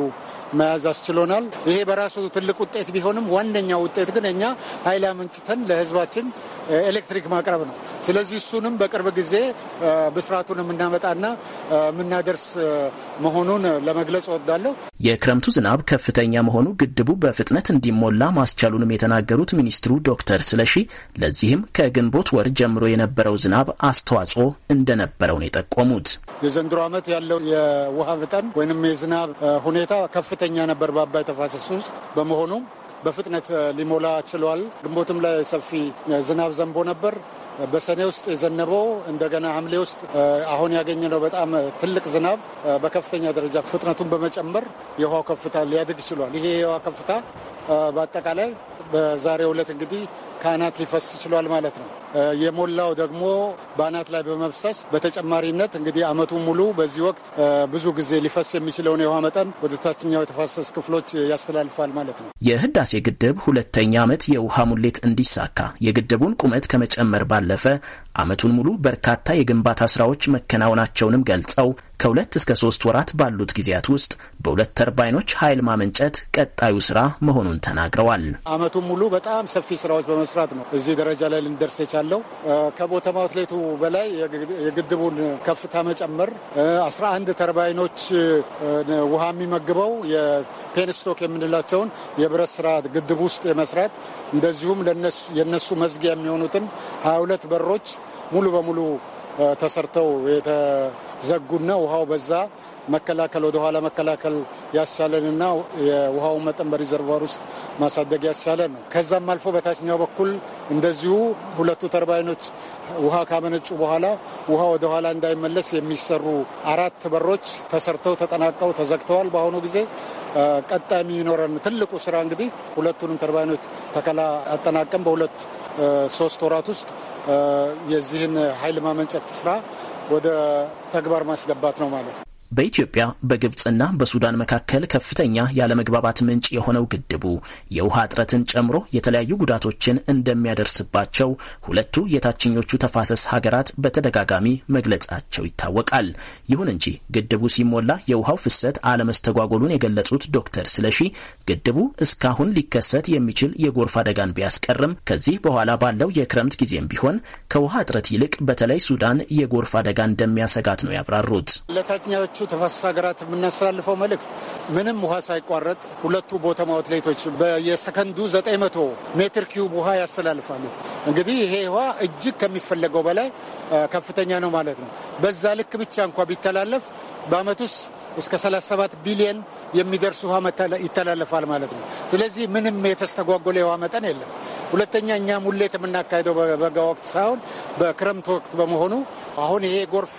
መያዝ አስችሎናል። ይሄ በራሱ ትልቅ ውጤት ቢሆንም ዋነኛ ውጤት ግን እኛ ኃይል አመንጭተን ለህዝባችን ኤሌክትሪክ ማቅረብ ነው። ስለዚህ እሱንም በቅርብ ጊዜ ብስራቱን የምናመጣና የምናደርስ መሆኑን ለመግለጽ እወዳለሁ። የክረምቱ ዝናብ ከፍተኛ መሆኑ ግድቡ በፍጥነት እንዲሞላ ማስቻሉንም የተናገሩት ሚኒስትሩ ዶክተር ስለሺ ለዚህም ከግንቦት ወር ጀምሮ የነበረው ዝናብ አስተዋጽኦ እንደነበረው ነው የጠቆሙት። የዘንድሮ ዓመት ያለው የውሃ መጠን ወይም የዝናብ ሁኔታ ከፍ ከፍተኛ ነበር በአባይ ተፋሰስ ውስጥ በመሆኑ በፍጥነት ሊሞላ ችሏል። ግንቦትም ላይ ሰፊ ዝናብ ዘንቦ ነበር። በሰኔ ውስጥ የዘነበው እንደገና ሐምሌ ውስጥ አሁን ያገኘነው በጣም ትልቅ ዝናብ በከፍተኛ ደረጃ ፍጥነቱን በመጨመር የውሃው ከፍታ ሊያድግ ችሏል። ይሄ የውሃ ከፍታ በአጠቃላይ በዛሬው ዕለት እንግዲህ ከአናት ሊፈስ ችሏል ማለት ነው። የሞላው ደግሞ በአናት ላይ በመፍሰስ በተጨማሪነት እንግዲህ አመቱ ሙሉ በዚህ ወቅት ብዙ ጊዜ ሊፈስ የሚችለውን የውሃ መጠን ወደ ታችኛው የተፋሰስ ክፍሎች ያስተላልፋል ማለት ነው። የህዳሴ ግድብ ሁለተኛ ዓመት የውሃ ሙሌት እንዲሳካ የግድቡን ቁመት ከመጨመር ባለፈ አመቱን ሙሉ በርካታ የግንባታ ስራዎች መከናወናቸውንም ገልጸው ከሁለት እስከ ሶስት ወራት ባሉት ጊዜያት ውስጥ በሁለት ተርባይኖች ኃይል ማመንጨት ቀጣዩ ስራ መሆኑን ተናግረዋል። አመቱን ሙሉ በጣም ሰፊ ስራዎች በመስራት ነው እዚህ ደረጃ ላይ ልንደርስ የቻለው። ከቦተ ማውትሌቱ በላይ የግድቡን ከፍታ መጨመር፣ 11 ተርባይኖች ውሃ የሚመግበው የፔንስቶክ የምንላቸውን የብረት ስራ ግድብ ውስጥ የመስራት እንደዚሁም የነሱ መዝጊያ የሚሆኑትን 22 በሮች ሙሉ በሙሉ ተሰርተው የተዘጉና ውሃው በዛ መከላከል ወደኋላ መከላከል ያስቻለንና የውሃውን መጠን በሪዘርቫር ውስጥ ማሳደግ ያስቻለን ነው። ከዛም አልፎ በታችኛው በኩል እንደዚሁ ሁለቱ ተርባይኖች ውሃ ካመነጩ በኋላ ውሃ ወደኋላ እንዳይመለስ የሚሰሩ አራት በሮች ተሰርተው ተጠናቀው ተዘግተዋል። በአሁኑ ጊዜ ቀጣይ የሚኖረን ትልቁ ስራ እንግዲህ ሁለቱንም ተርባይኖች ተከላ አጠናቀን በሁለት ሶስት ወራት ውስጥ የዚህን ኃይል ማመንጨት ስራ ወደ ተግባር ማስገባት ነው ማለት ነው። በኢትዮጵያ በግብፅና በሱዳን መካከል ከፍተኛ ያለመግባባት ምንጭ የሆነው ግድቡ የውሃ እጥረትን ጨምሮ የተለያዩ ጉዳቶችን እንደሚያደርስባቸው ሁለቱ የታችኞቹ ተፋሰስ ሀገራት በተደጋጋሚ መግለጻቸው ይታወቃል። ይሁን እንጂ ግድቡ ሲሞላ የውሃው ፍሰት አለመስተጓጎሉን የገለጹት ዶክተር ስለሺ ግድቡ እስካሁን ሊከሰት የሚችል የጎርፍ አደጋን ቢያስቀርም ከዚህ በኋላ ባለው የክረምት ጊዜም ቢሆን ከውሃ እጥረት ይልቅ በተለይ ሱዳን የጎርፍ አደጋ እንደሚያሰጋት ነው ያብራሩት። ተፋሰስ ሀገራት የምናስተላልፈው መልእክት ምንም ውሃ ሳይቋረጥ ሁለቱ ቦተም አውትሌቶች በየሰከንዱ መቶ ሜትር ኪዩብ ውሃ ያስተላልፋሉ። እንግዲህ ይሄ ውሃ እጅግ ከሚፈለገው በላይ ከፍተኛ ነው ማለት ነው። በዛ ልክ ብቻ እንኳ ቢተላለፍ በአመት ውስጥ እስከ 37 ቢሊየን የሚደርስ ውሃ ይተላለፋል ማለት ነው። ስለዚህ ምንም የተስተጓጎለ የውሃ መጠን የለም። ሁለተኛ እኛ ሙሌት የምናካሄደው በበጋ ወቅት ሳይሆን በክረምት ወቅት በመሆኑ አሁን ይሄ ጎርፍ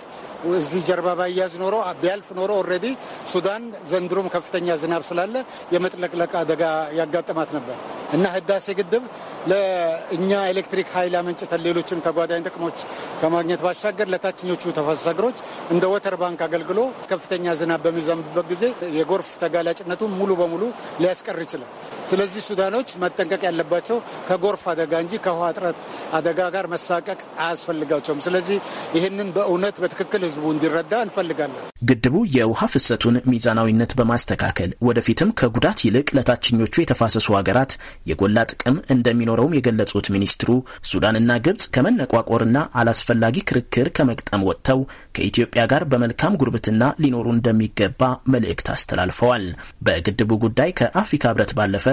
እዚህ ጀርባ ባያዝ ኖሮ ቢያልፍ ኖሮ ኦልሬዲ ሱዳን ዘንድሮም ከፍተኛ ዝናብ ስላለ የመጥለቅለቅ አደጋ ያጋጥማት ነበር እና ህዳሴ ግድብ ለእኛ ኤሌክትሪክ ኃይል አመንጭተን ሌሎችም ተጓዳኝ ጥቅሞች ከማግኘት ባሻገር ለታችኞቹ ተፋሰስ እንደ ወተር ባንክ አገልግሎ ከፍተኛ ዝናብ በሚዘንብበት ጊዜ የጎርፍ ተጋላጭነቱን ሙሉ በሙሉ ሊያስቀር ይችላል። ስለዚህ ሱዳኖች መጠንቀቅ ያለባቸው ከጎርፍ አደጋ እንጂ ከውሃ እጥረት አደጋ ጋር መሳቀቅ አያስፈልጋቸውም። ስለዚህ ይህንን በእውነት በትክክል ህዝቡ እንዲረዳ እንፈልጋለን። ግድቡ የውሃ ፍሰቱን ሚዛናዊነት በማስተካከል ወደፊትም ከጉዳት ይልቅ ለታችኞቹ የተፋሰሱ ሀገራት የጎላ ጥቅም እንደሚኖረውም የገለጹት ሚኒስትሩ ሱዳንና ግብጽ ከመነቋቆርና አላስፈላጊ ክርክር ከመቅጠም ወጥተው ከኢትዮጵያ ጋር በመልካም ጉርብትና ሊኖሩ እንደሚገባ መልእክት አስተላልፈዋል። በግድቡ ጉዳይ ከአፍሪካ ህብረት ባለፈ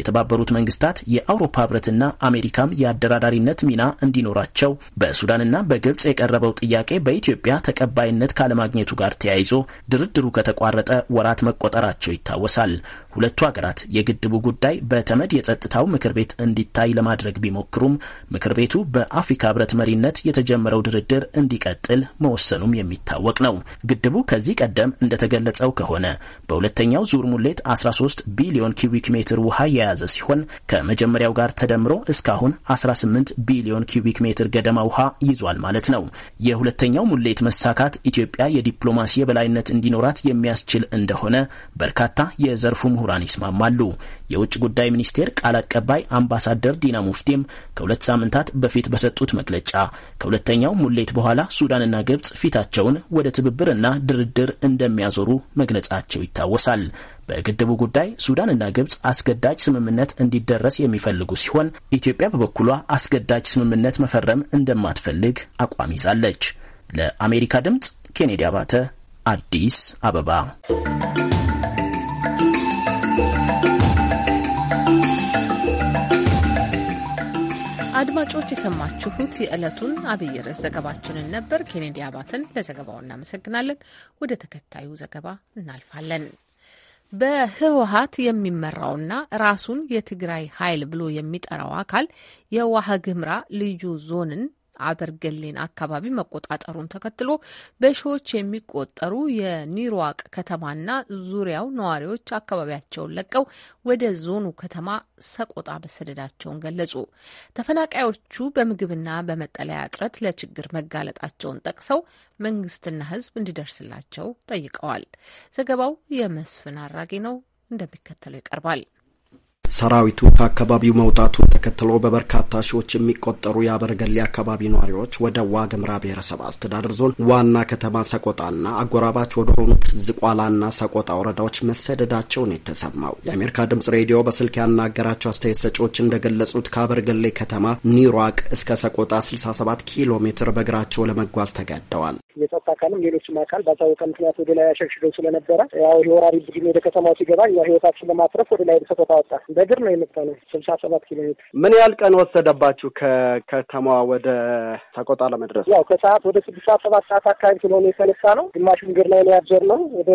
የተባበሩት መንግስታት የአውሮፓ ህብረትና አሜሪካም የአደራዳሪነት ሚና እንዲኖራቸው በሱዳንና በግብጽ የቀረበው ጥያቄ በኢትዮጵያ ተቀ ተቀባይነት ካለማግኘቱ ጋር ተያይዞ ድርድሩ ከተቋረጠ ወራት መቆጠራቸው ይታወሳል። ሁለቱ ሀገራት የግድቡ ጉዳይ በተመድ የጸጥታው ምክር ቤት እንዲታይ ለማድረግ ቢሞክሩም ምክር ቤቱ በአፍሪካ ህብረት መሪነት የተጀመረው ድርድር እንዲቀጥል መወሰኑም የሚታወቅ ነው። ግድቡ ከዚህ ቀደም እንደተገለጸው ከሆነ በሁለተኛው ዙር ሙሌት 13 ቢሊዮን ኪዩቢክ ሜትር ውሃ የያዘ ሲሆን ከመጀመሪያው ጋር ተደምሮ እስካሁን 18 ቢሊዮን ኪዩቢክ ሜትር ገደማ ውሃ ይዟል ማለት ነው። የሁለተኛው ሙሌት መሳካት ኢትዮጵያ የዲፕሎማሲ የበላይነት እንዲኖራት የሚያስችል እንደሆነ በርካታ የዘርፉ ምሁራን ይስማማሉ። የውጭ ጉዳይ ሚኒስቴር ቃል አቀባይ አምባሳደር ዲና ሙፍቲም ከሁለት ሳምንታት በፊት በሰጡት መግለጫ ከሁለተኛው ሙሌት በኋላ ሱዳንና ግብጽ ፊታቸውን ወደ ትብብርና ድርድር እንደሚያዞሩ መግለጻቸው ይታወሳል። በግድቡ ጉዳይ ሱዳንና ግብጽ አስገዳጅ ስምምነት እንዲደረስ የሚፈልጉ ሲሆን ኢትዮጵያ በበኩሏ አስገዳጅ ስምምነት መፈረም እንደማትፈልግ አቋም ይዛለች። ለአሜሪካ ድምፅ ኬኔዲ አባተ አዲስ አበባ አድማጮች የሰማችሁት የዕለቱን አብይ ርዕስ ዘገባችንን ነበር። ኬኔዲ አባትን ለዘገባው እናመሰግናለን። ወደ ተከታዩ ዘገባ እናልፋለን። በህወሀት የሚመራውና ራሱን የትግራይ ኃይል ብሎ የሚጠራው አካል የዋህ ግምራ ልዩ ዞንን አበርገሌን አካባቢ መቆጣጠሩን ተከትሎ በሺዎች የሚቆጠሩ የኒሮዋቅ ከተማና ዙሪያው ነዋሪዎች አካባቢያቸውን ለቀው ወደ ዞኑ ከተማ ሰቆጣ መሰደዳቸውን ገለጹ። ተፈናቃዮቹ በምግብና በመጠለያ እጥረት ለችግር መጋለጣቸውን ጠቅሰው መንግስትና ሕዝብ እንዲደርስላቸው ጠይቀዋል። ዘገባው የመስፍን አራጌ ነው፣ እንደሚከተለው ይቀርባል። ሰራዊቱ ከአካባቢው መውጣቱን ተከትሎ በበርካታ ሺዎች የሚቆጠሩ የአበርገሌ አካባቢ ነዋሪዎች ወደ ዋግምራ ብሔረሰብ አስተዳደር ዞን ዋና ከተማ ሰቆጣና አጎራባች ወደ ሆኑት ዝቋላና ሰቆጣ ወረዳዎች መሰደዳቸውን የተሰማው የአሜሪካ ድምጽ ሬዲዮ በስልክ ያናገራቸው አስተያየት ሰጪዎች እንደገለጹት ከአበርገሌ ከተማ ኒሯቅ እስከ ሰቆጣ 67 ኪሎ ሜትር በእግራቸው ለመጓዝ ተገደዋል። የጸጥታ አካልም ሌሎችም አካል ባልታወቀ ምክንያት ወደ ላይ አሸግሽገው ስለነበረ ያው የወራሪ ቡድን ወደ ከተማው ሲገባ ያው ህይወታችን ለማትረፍ ወደ ላይ ሰቆጣ ወጣ። በእግር ነው የመጣ ነው ስልሳ ሰባት ኪሎ ሜትር። ምን ያህል ቀን ወሰደባችሁ ከከተማዋ ወደ ሰቆጣ ለመድረስ? ያው ከሰዓት ወደ ስድስት ሰዓት ሰባት ሰዓት አካባቢ ስለሆነ የተነሳ ነው። ግማሹ መንገድ ላይ ነው ያጀር ነው ወደ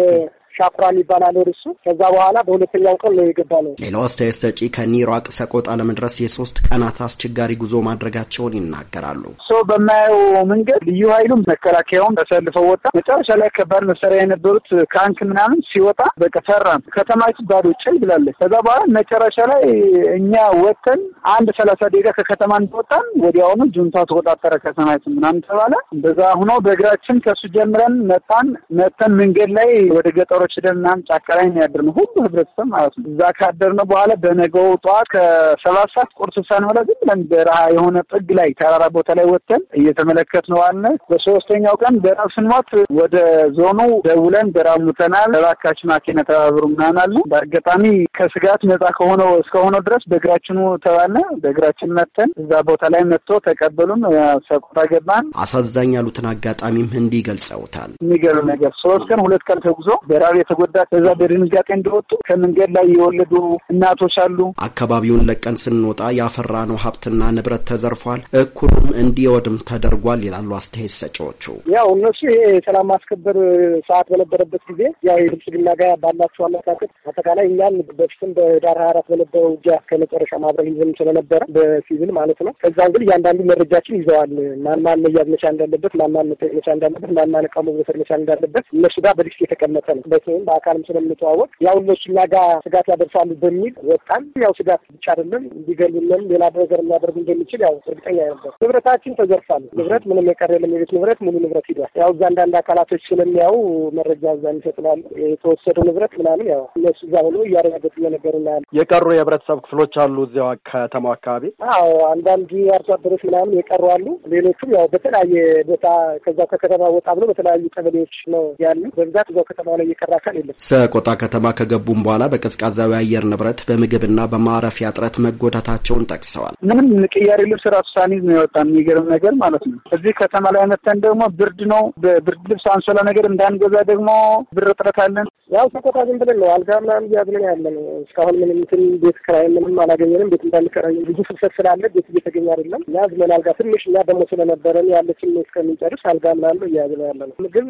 ሻፍራን ይባላል እሱ። ከዛ በኋላ በሁለተኛው ቀን ነው የገባ ነው። ሌላው አስተያየት ሰጪ ከኒሯቅ ሰቆጣ ለመድረስ የሶስት ቀናት አስቸጋሪ ጉዞ ማድረጋቸውን ይናገራሉ። ሶ በማየው መንገድ ልዩ ኃይሉም መከላከያውም ተሰልፈው ወጣ። መጨረሻ ላይ ከባድ መሳሪያ የነበሩት ካንክ ምናምን ሲወጣ በቃ ፈራን። ከተማችን ባዶ ጭል ብላለች። ከዛ በኋላ መጨረሻ ላይ እኛ ወጥተን አንድ ሰላሳ ደቂቃ ከከተማ እንደወጣን ወዲያውኑ ጁንታ ተቆጣጠረ ከተማይቱ ምናምን ተባለ። በዛ ሁኖ በእግራችን ከሱ ጀምረን መጣን። መጥተን መንገድ ላይ ወደ ገጠሩ ተራሮች ሄደን ምናምን ጫካ ላይ ነው ሁሉ ህብረተሰብ ማለት ነው። እዛ ካደር ነው በኋላ በነገው ጠዋት ከሰባት ሰዓት ቁርስ ሳንበላ ዝም ብለን በረሃ የሆነ ጥግ ላይ ተራራ ቦታ ላይ ወጥተን ነው አለ። በሶስተኛው ቀን በራብ ስንሞት ወደ ዞኑ ደውለን በራብ ሙተናል፣ እባካችሁ ማኪና ተባብሩ ምናምን አሉ። በአጋጣሚ ከስጋት ነጻ ከሆነው እስከሆነው ድረስ በእግራችኑ ተባለ። በእግራችን መተን እዛ ቦታ ላይ መጥቶ ተቀበሉን፣ ሰቆጣ ገባን። አሳዛኝ ያሉትን አጋጣሚም እንዲህ ገልጸውታል። የሚገርም ነገር ሶስት ቀን ሁለት ቀን ተጉዞ በራ አካባቢ የተጎዳ ከዛ በድንጋጤ እንደወጡ ከመንገድ ላይ የወለዱ እናቶች አሉ። አካባቢውን ለቀን ስንወጣ ያፈራነው ሀብትና ንብረት ተዘርፏል፣ እኩሉም እንዲወድም ተደርጓል ይላሉ አስተያየት ሰጪዎቹ። ያው እነሱ ይሄ ሰላም ማስከበር ሰዓት በነበረበት ጊዜ ያው የብልጽግና ጋር ባላቸው አመለካከት አጠቃላይ እኛን በፊትም በዳር ሀያ አራት በነበረው ውጊያ ከመጨረሻ ማብረር ይዘን ስለነበረ በሲቪል ማለት ነው። ከዛ እንግዲህ እያንዳንዱ መረጃችን ይዘዋል። ማን ማን መያዝ መቻ እንዳለበት፣ ማን ማን መጠየቅ መቻ እንዳለበት፣ ማን ማን እቃ መውሰድ መቻ እንዳለበት እነሱ ጋር በሊስት የተቀመጠ ነው። በቅርበት ወይም በአካልም ስለምንተዋወቅ ያው እነሱ እኛ ጋር ስጋት ያደርሳሉ በሚል ወጣን። ያው ስጋት ብቻ አይደለም እንዲገሉንም ሌላ ነገር የሚያደርጉ እንደሚችል ያው እርግጠኛ ነበር። ንብረታችን ተዘርፋል። ንብረት ምንም የቀረ የለም። የቤት ንብረት ሙሉ ንብረት ሂዷል። ያው እዛ አንዳንድ አካላቶች ስለሚያው መረጃ እዛ ይሰጥላሉ። የተወሰደው ንብረት ምናምን ያው እነሱ እዛ ሆኖ እያረጋገጡ እየነገሩ ናያለ። የቀሩ የህብረተሰብ ክፍሎች አሉ እዚያው ከተማው አካባቢ። አዎ አንዳንድ አርሶ አደሮች ምናምን የቀሩ አሉ። ሌሎቹም ያው በተለያየ ቦታ ከዛው ከከተማ ወጣ ብሎ በተለያዩ ቀበሌዎች ነው ያሉ። በብዛት እዛው ከተማ ላይ እየቀረ የተሰራ አካል የለም። ሰቆጣ ከተማ ከገቡም በኋላ በቀዝቃዛዊ አየር ንብረት በምግብና በማረፊያ እጥረት መጎዳታቸውን ጠቅሰዋል። ምንም ቅያሬ ልብስ ራሱ ሳኒዝ ነው የወጣ የሚገርም ነገር ማለት ነው። እዚህ ከተማ ላይ መተን ደግሞ ብርድ ነው። በብርድ ልብስ አንሶላ ነገር እንዳንገዛ ደግሞ ብር እጥረት አለን። ያው ሰቆጣ ዝም ብለን ነው አልጋ ምናምን እያዝን ያለ ነው። እስካሁን ምንም እንትን ቤት ክራይ ምንም አላገኘንም። ቤት እንዳንከራይ ብዙ ፍልሰት ስላለ ቤት እየተገኘ አይደለም። ያዝመን አልጋ ትንሽ እኛ ደግሞ ስለነበረን ያለችን እስከምንጨርስ አልጋ ምናምን እያዝን ያለ ነው። ምግብ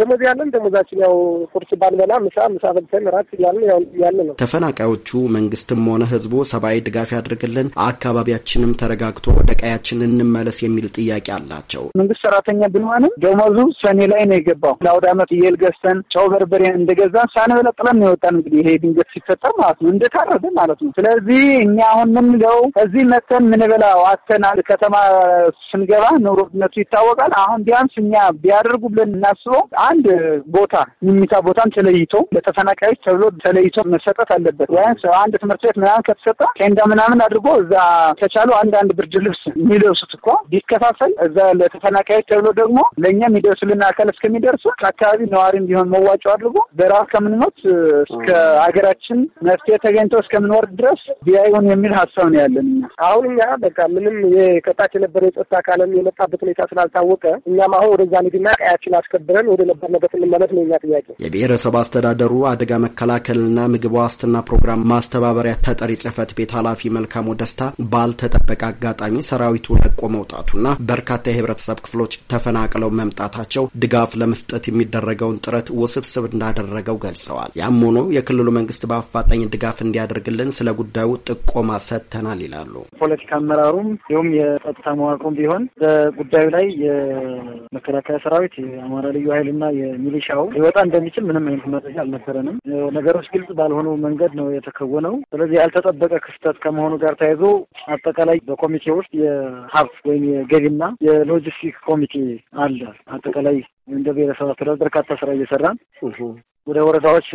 ደሞዝ ያለን ደሞዛችን ያው ቁርስ ቁርስ ባልበላ ምሳ ምሳ በልተን ራት እያልን ያለ ነው። ተፈናቃዮቹ መንግስትም ሆነ ህዝቡ ሰብአዊ ድጋፍ ያድርግልን፣ አካባቢያችንም ተረጋግቶ ወደ ቀያችን እንመለስ የሚል ጥያቄ አላቸው። መንግስት ሰራተኛ ብንሆንም ደሞዙ ሰኔ ላይ ነው የገባው። ለአውድ አመት እየል ገዝተን ጨው በርበሬ እንደገዛ ሳንበላ ጥለን ነው የወጣን። እንግዲህ ይሄ ድንገት ሲፈጠር ማለት ነው እንደታረደ ማለት ነው። ስለዚህ እኛ አሁን ምንለው እዚህ መተን ምንበላው አተናል። ከተማ ስንገባ ኑሮነቱ ይታወቃል። አሁን ቢያንስ እኛ ቢያደርጉ ብለን እናስበው አንድ ቦታ ምኝታ ቦታ ከቦታም ተለይቶ ለተፈናቃዮች ተብሎ ተለይቶ መሰጠት አለበት። ወይንስ አንድ ትምህርት ቤት ምናምን ከተሰጠ ኬንዳ ምናምን አድርጎ እዛ ከቻሉ አንዳንድ ብርድ ልብስ የሚለብሱት እኮ ቢከፋፈል እዛ ለተፈናቃዮች ተብሎ ደግሞ ለእኛ የሚደርሱልን አካል እስከሚደርሱ ከአካባቢ ነዋሪም ቢሆን መዋጮ አድርጎ በረሃብ ከምንሞት እስከ ሀገራችን መፍትሄ ተገኝቶ እስከምንወርድ ድረስ ቢያዩን የሚል ሀሳብ ነው ያለን። አሁን ያ በቃ ምንም የቀጣች የነበረ የጸጥታ አካልም የመጣበት ሁኔታ ስላልታወቀ እኛም አሁን ወደዛ ንግና ቀያችን አስከብረን ወደ ነበርንበት እንመለስ ነው እኛ ጥያቄ። ብሔረሰብ አስተዳደሩ አደጋ መከላከልና ምግብ ዋስትና ፕሮግራም ማስተባበሪያ ተጠሪ ጽህፈት ቤት ኃላፊ መልካሙ ደስታ ባልተጠበቀ አጋጣሚ ሰራዊቱ ለቆ መውጣቱና በርካታ የህብረተሰብ ክፍሎች ተፈናቅለው መምጣታቸው ድጋፍ ለመስጠት የሚደረገውን ጥረት ውስብስብ እንዳደረገው ገልጸዋል። ያም ሆኖ የክልሉ መንግስት በአፋጣኝ ድጋፍ እንዲያደርግልን ስለ ጉዳዩ ጥቆማ ሰጥተናል ይላሉ። ፖለቲካ አመራሩም እንዲሁም የጸጥታ መዋቅሩም ቢሆን በጉዳዩ ላይ የመከላከያ ሰራዊት፣ የአማራ ልዩ ኃይልና የሚሊሻው ሊወጣ እንደሚችል ምንም አይነት መረጃ አልነበረንም። ነገሮች ግልጽ ባልሆነው መንገድ ነው የተከወነው። ስለዚህ ያልተጠበቀ ክስተት ከመሆኑ ጋር ተያይዞ አጠቃላይ በኮሚቴ ውስጥ የሀብት ወይም የገቢና የሎጂስቲክ ኮሚቴ አለ። አጠቃላይ እንደ ብሔረሰብ አስተዳደር በርካታ ስራ እየሰራን ወደ ወረዳዎች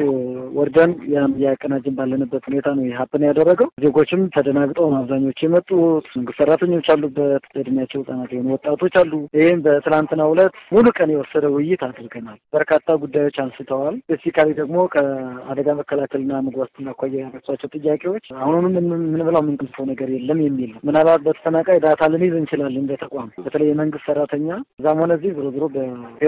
ወርደን ያን እያቀናጅን ባለንበት ሁኔታ ነው ሀፕን ያደረገው። ዜጎችም ተደናግጠው አብዛኞቹ የመጡት መንግስት ሰራተኞች አሉበት፣ በእድሜያቸው ህጻናት የሆኑ ወጣቶች አሉ። ይህም በትላንትና ዕለት ሙሉ ቀን የወሰደ ውይይት አድርገናል። በርካታ ጉዳዮች አንስተዋል። ስፔሲካሊ ደግሞ ከአደጋ መከላከልና ምግብ ዋስትና አኳያ ያነሷቸው ጥያቄዎች አሁኑንም የምንበላው የምንቀምሰው ነገር የለም የሚል ነው። ምናልባት በተፈናቃይ ዳታ ልንይዝ እንችላለን። በተቋም በተለይ የመንግስት ሰራተኛ እዛም ሆነ እዚህ ዝሮ ዞሮ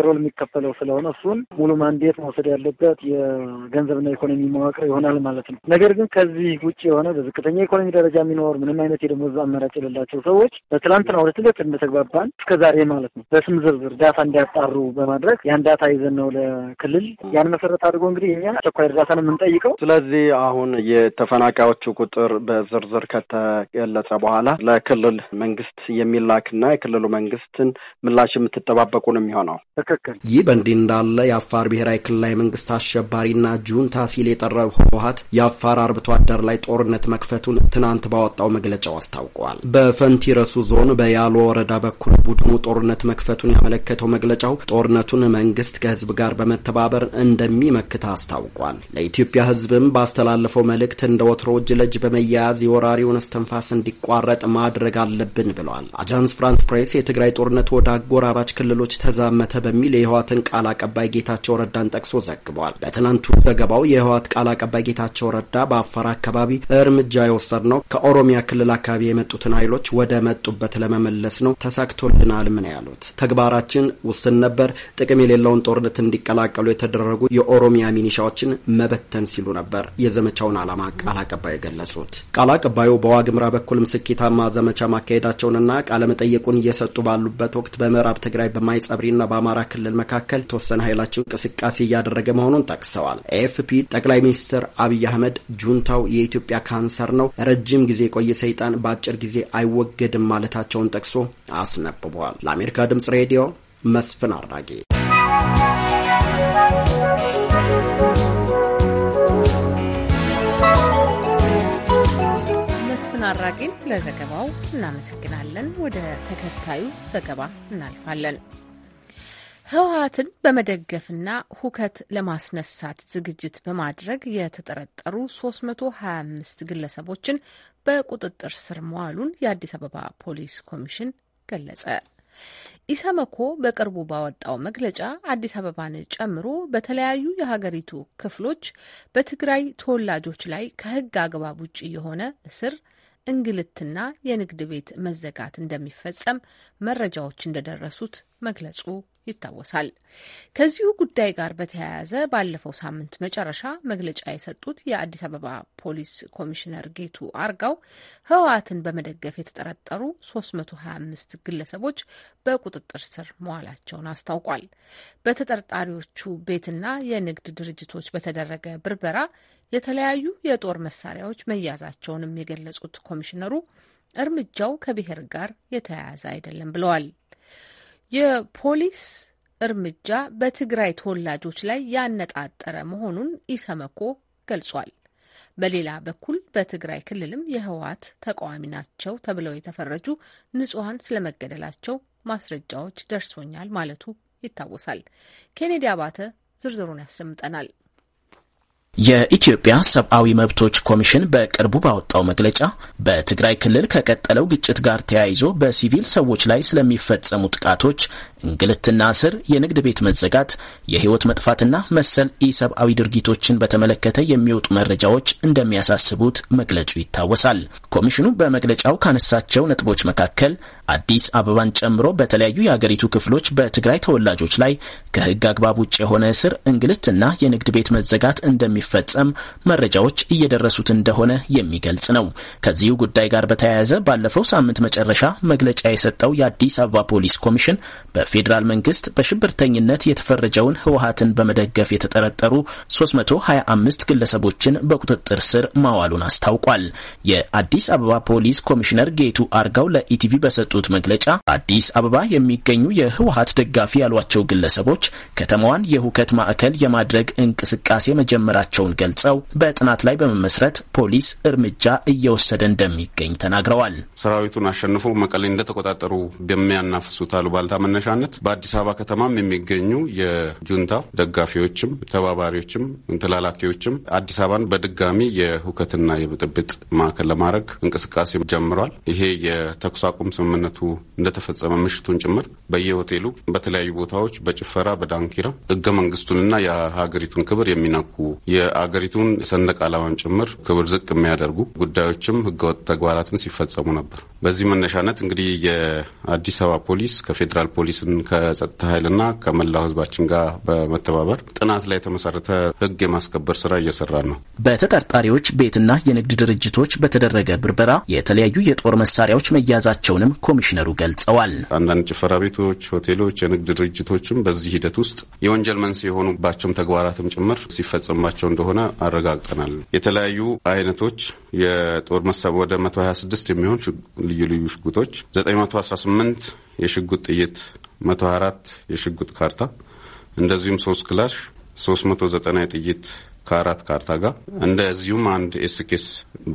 ፔሮል የሚከፈለው ስለሆነ እሱን ሙሉ ማንዴት መውሰድ ያለበት የገንዘብና ኢኮኖሚ መዋቅር ይሆናል ማለት ነው። ነገር ግን ከዚህ ውጭ የሆነ በዝቅተኛ ኢኮኖሚ ደረጃ የሚኖር ምንም አይነት የደሞዝ አማራጭ የሌላቸው ሰዎች በትላንትና ሁለት ዕለት እንደተግባባን እስከ ዛሬ ማለት ነው በስም ዝርዝር ዳታ እንዲያጣሩ በማድረግ ያን ዳታ ይዘን ነው ለክልል ያን መሰረት አድርጎ እንግዲህ እኛ አስቸኳይ እርዳታ ነው የምንጠይቀው። ስለዚህ አሁን የተፈናቃዮቹ ቁጥር በዝርዝር ከተገለጸ በኋላ ለክልል መንግስት የሚላክና የክልሉ መንግስትን ምላሽ የምትጠባበቁ ነው የሚሆነው። ትክክል። ይህ በእንዲህ እንዳለ የአፋር ብሔራዊ ክልላዊ መንግስት አሸባሪና ጁንታ ሲል የጠራው ህወሀት የአፋር አርብቶ አደር ላይ ጦርነት መክፈቱን ትናንት ባወጣው መግለጫው አስታውቋል። በፈንቲ ረሱ ዞን በያሎ ወረዳ በኩል ቡድኑ ጦርነት መክፈቱን ያመለከተው መግለጫው ጦርነቱን መንግስት ከህዝብ ጋር በመተባበር እንደሚመክት አስታውቋል። ለኢትዮጵያ ህዝብም ባስተላለፈው መልእክት እንደ ወትሮ እጅ ለእጅ በመያያዝ የወራሪውን እስትንፋስ እንዲቋረጥ ማድረግ አለብን ብለዋል። አጃንስ ፍራንስ ፕሬስ የትግራይ ጦርነት ወደ አጎራባች ክልሎች ተዛመተ በሚል ሲል የህወሓትን ቃል አቀባይ ጌታቸው ረዳን ጠቅሶ ዘግቧል። በትናንቱ ዘገባው የህወሓት ቃል አቀባይ ጌታቸው ረዳ በአፋር አካባቢ እርምጃ የወሰድ ነው ከኦሮሚያ ክልል አካባቢ የመጡትን ኃይሎች ወደ መጡበት ለመመለስ ነው፣ ተሳክቶልናል ምን ያሉት። ተግባራችን ውስን ነበር፣ ጥቅም የሌለውን ጦርነት እንዲቀላቀሉ የተደረጉ የኦሮሚያ ሚኒሻዎችን መበተን ሲሉ ነበር የዘመቻውን ዓላማ ቃል አቀባዩ የገለጹት። ቃል አቀባዩ በዋግምራ በኩልም ስኬታማ ዘመቻ ማካሄዳቸውንና ቃለመጠየቁን እየሰጡ ባሉበት ወቅት በምዕራብ ትግራይ በማይጸብሪና በአማራ ክልል መካከል ተወሰነ ኃይላቸው እንቅስቃሴ እያደረገ መሆኑን ጠቅሰዋል። ኤፍፒ ጠቅላይ ሚኒስትር አብይ አህመድ ጁንታው የኢትዮጵያ ካንሰር ነው፣ ረጅም ጊዜ የቆየ ሰይጣን በአጭር ጊዜ አይወገድም ማለታቸውን ጠቅሶ አስነብቧል። ለአሜሪካ ድምጽ ሬዲዮ መስፍን አራጌ አራጌን ለዘገባው እናመሰግናለን። ወደ ተከታዩ ዘገባ እናልፋለን። ህወሀትን በመደገፍና ሁከት ለማስነሳት ዝግጅት በማድረግ የተጠረጠሩ 325 ግለሰቦችን በቁጥጥር ስር መዋሉን የአዲስ አበባ ፖሊስ ኮሚሽን ገለጸ። ኢሰመኮ በቅርቡ ባወጣው መግለጫ አዲስ አበባን ጨምሮ በተለያዩ የሀገሪቱ ክፍሎች በትግራይ ተወላጆች ላይ ከህግ አግባብ ውጭ የሆነ እስር እንግልትና የንግድ ቤት መዘጋት እንደሚፈጸም መረጃዎች እንደደረሱት መግለጹ ይታወሳል። ከዚሁ ጉዳይ ጋር በተያያዘ ባለፈው ሳምንት መጨረሻ መግለጫ የሰጡት የአዲስ አበባ ፖሊስ ኮሚሽነር ጌቱ አርጋው ህወሓትን በመደገፍ የተጠረጠሩ 325 ግለሰቦች በቁጥጥር ስር መዋላቸውን አስታውቋል። በተጠርጣሪዎቹ ቤትና የንግድ ድርጅቶች በተደረገ ብርበራ የተለያዩ የጦር መሳሪያዎች መያዛቸውንም የገለጹት ኮሚሽነሩ እርምጃው ከብሔር ጋር የተያያዘ አይደለም ብለዋል። የፖሊስ እርምጃ በትግራይ ተወላጆች ላይ ያነጣጠረ መሆኑን ኢሰመኮ ገልጿል። በሌላ በኩል በትግራይ ክልልም የህወሀት ተቃዋሚ ናቸው ተብለው የተፈረጁ ንጹሐን ስለመገደላቸው ማስረጃዎች ደርሶኛል ማለቱ ይታወሳል። ኬኔዲ አባተ ዝርዝሩን ያሰምጠናል። የኢትዮጵያ ሰብአዊ መብቶች ኮሚሽን በቅርቡ ባወጣው መግለጫ በትግራይ ክልል ከቀጠለው ግጭት ጋር ተያይዞ በሲቪል ሰዎች ላይ ስለሚፈጸሙ ጥቃቶች እንግልትና እስር፣ የንግድ ቤት መዘጋት፣ የህይወት መጥፋትና መሰል ኢሰብአዊ ድርጊቶችን በተመለከተ የሚወጡ መረጃዎች እንደሚያሳስቡት መግለጹ ይታወሳል። ኮሚሽኑ በመግለጫው ካነሳቸው ነጥቦች መካከል አዲስ አበባን ጨምሮ በተለያዩ የአገሪቱ ክፍሎች በትግራይ ተወላጆች ላይ ከህግ አግባብ ውጭ የሆነ እስር፣ እንግልትና የንግድ ቤት መዘጋት እንደሚፈጸም መረጃዎች እየደረሱት እንደሆነ የሚገልጽ ነው። ከዚሁ ጉዳይ ጋር በተያያዘ ባለፈው ሳምንት መጨረሻ መግለጫ የሰጠው የአዲስ አበባ ፖሊስ ኮሚሽን በፌዴራል መንግስት በሽብርተኝነት የተፈረጀውን ህወሀትን በመደገፍ የተጠረጠሩ 325 ግለሰቦችን በቁጥጥር ስር ማዋሉን አስታውቋል። የአዲስ አበባ ፖሊስ ኮሚሽነር ጌቱ አርጋው ለኢቲቪ በሰጡ በሰጡት መግለጫ በአዲስ አበባ የሚገኙ የህወሀት ደጋፊ ያሏቸው ግለሰቦች ከተማዋን የሁከት ማዕከል የማድረግ እንቅስቃሴ መጀመራቸውን ገልጸው በጥናት ላይ በመመስረት ፖሊስ እርምጃ እየወሰደ እንደሚገኝ ተናግረዋል። ሰራዊቱን አሸንፎ መቀሌ እንደተቆጣጠሩ በሚያናፍሱት አሉባልታ መነሻነት በአዲስ አበባ ከተማም የሚገኙ የጁንታ ደጋፊዎችም ተባባሪዎችም ተላላኪዎችም አዲስ አበባን በድጋሚ የሁከትና የብጥብጥ ማዕከል ለማድረግ እንቅስቃሴ ጀምሯል። ይሄ የተኩስ አቁም ስምምነት አይነቱ እንደተፈጸመ ምሽቱን ጭምር በየሆቴሉ በተለያዩ ቦታዎች በጭፈራ በዳንኪራ ህገ መንግስቱንና የሀገሪቱን ክብር የሚነኩ የአገሪቱን ሰንደቅ ዓላማን ጭምር ክብር ዝቅ የሚያደርጉ ጉዳዮችም ህገወጥ ተግባራትን ሲፈጸሙ ነበር። በዚህ መነሻነት እንግዲህ የአዲስ አበባ ፖሊስ ከፌዴራል ፖሊስን ከጸጥታ ኃይልና ከመላው ህዝባችን ጋር በመተባበር ጥናት ላይ የተመሰረተ ህግ የማስከበር ስራ እየሰራ ነው። በተጠርጣሪዎች ቤትና የንግድ ድርጅቶች በተደረገ ብርበራ የተለያዩ የጦር መሳሪያዎች መያዛቸውንም ኮሚሽነሩ ገልጸዋል። አንዳንድ ጭፈራ ቤቶች፣ ሆቴሎች፣ የንግድ ድርጅቶችም በዚህ ሂደት ውስጥ የወንጀል መንስኤ የሆኑባቸውም ተግባራትም ጭምር ሲፈጸምባቸው እንደሆነ አረጋግጠናል። የተለያዩ አይነቶች የጦር መሰብ ወደ 126 የሚሆን ልዩ ልዩ ሽጉጦች፣ 918 የሽጉጥ ጥይት፣ 124 የሽጉጥ ካርታ እንደዚሁም 3 ክላሽ 390 የጥይት ከአራት ካርታ ጋር እንደዚሁም አንድ ኤስኬስ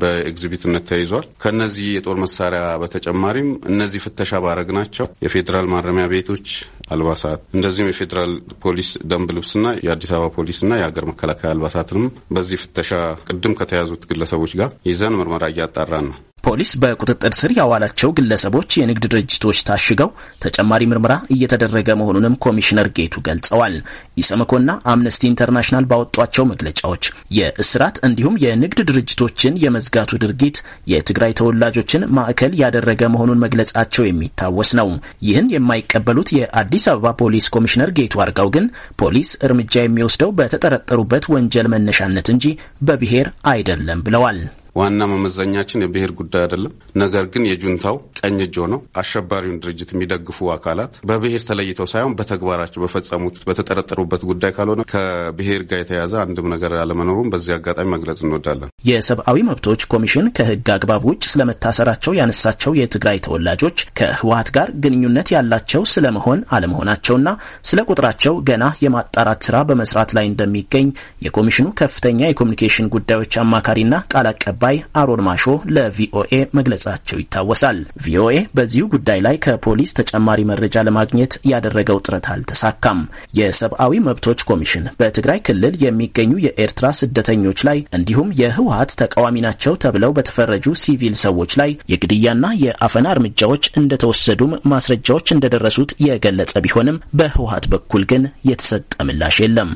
በኤግዚቢትነት ተይዟል። ከነዚህ የጦር መሳሪያ በተጨማሪም እነዚህ ፍተሻ ባረግ ናቸው። የፌዴራል ማረሚያ ቤቶች አልባሳት እንደዚሁም የፌዴራል ፖሊስ ደንብ ልብስና የአዲስ አበባ ፖሊስና የሀገር መከላከያ አልባሳትንም በዚህ ፍተሻ ቅድም ከተያዙት ግለሰቦች ጋር ይዘን ምርመራ እያጣራን ነው። ፖሊስ በቁጥጥር ስር ያዋላቸው ግለሰቦች የንግድ ድርጅቶች ታሽገው ተጨማሪ ምርመራ እየተደረገ መሆኑንም ኮሚሽነር ጌቱ ገልጸዋል። ኢሰመኮና አምነስቲ ኢንተርናሽናል ባወጧቸው መግለጫዎች የእስራት እንዲሁም የንግድ ድርጅቶችን የመዝጋቱ ድርጊት የትግራይ ተወላጆችን ማዕከል ያደረገ መሆኑን መግለጻቸው የሚታወስ ነው። ይህን የማይቀበሉት የአዲስ አበባ ፖሊስ ኮሚሽነር ጌቱ አርጋው ግን ፖሊስ እርምጃ የሚወስደው በተጠረጠሩበት ወንጀል መነሻነት እንጂ በብሔር አይደለም ብለዋል። ዋና መመዘኛችን የብሔር ጉዳይ አይደለም። ነገር ግን የጁንታው ቀኝ እጅ ሆነው አሸባሪውን ድርጅት የሚደግፉ አካላት በብሔር ተለይተው ሳይሆን በተግባራቸው በፈጸሙት በተጠረጠሩበት ጉዳይ ካልሆነ ከብሔር ጋር የተያዘ አንድም ነገር አለመኖሩን በዚህ አጋጣሚ መግለጽ እንወዳለን። የሰብአዊ መብቶች ኮሚሽን ከህግ አግባብ ውጭ ስለመታሰራቸው ያነሳቸው የትግራይ ተወላጆች ከህወሀት ጋር ግንኙነት ያላቸው ስለመሆን አለመሆናቸውና ስለ ቁጥራቸው ገና የማጣራት ስራ በመስራት ላይ እንደሚገኝ የኮሚሽኑ ከፍተኛ የኮሚኒኬሽን ጉዳዮች አማካሪና ቃል አቀባይ አቀባይ አሮን ማሾ ለቪኦኤ መግለጻቸው ይታወሳል። ቪኦኤ በዚሁ ጉዳይ ላይ ከፖሊስ ተጨማሪ መረጃ ለማግኘት ያደረገው ጥረት አልተሳካም። የሰብአዊ መብቶች ኮሚሽን በትግራይ ክልል የሚገኙ የኤርትራ ስደተኞች ላይ እንዲሁም የህወሀት ተቃዋሚ ናቸው ተብለው በተፈረጁ ሲቪል ሰዎች ላይ የግድያና የአፈና እርምጃዎች እንደተወሰዱም ማስረጃዎች እንደደረሱት የገለጸ ቢሆንም በህወሀት በኩል ግን የተሰጠ ምላሽ የለም።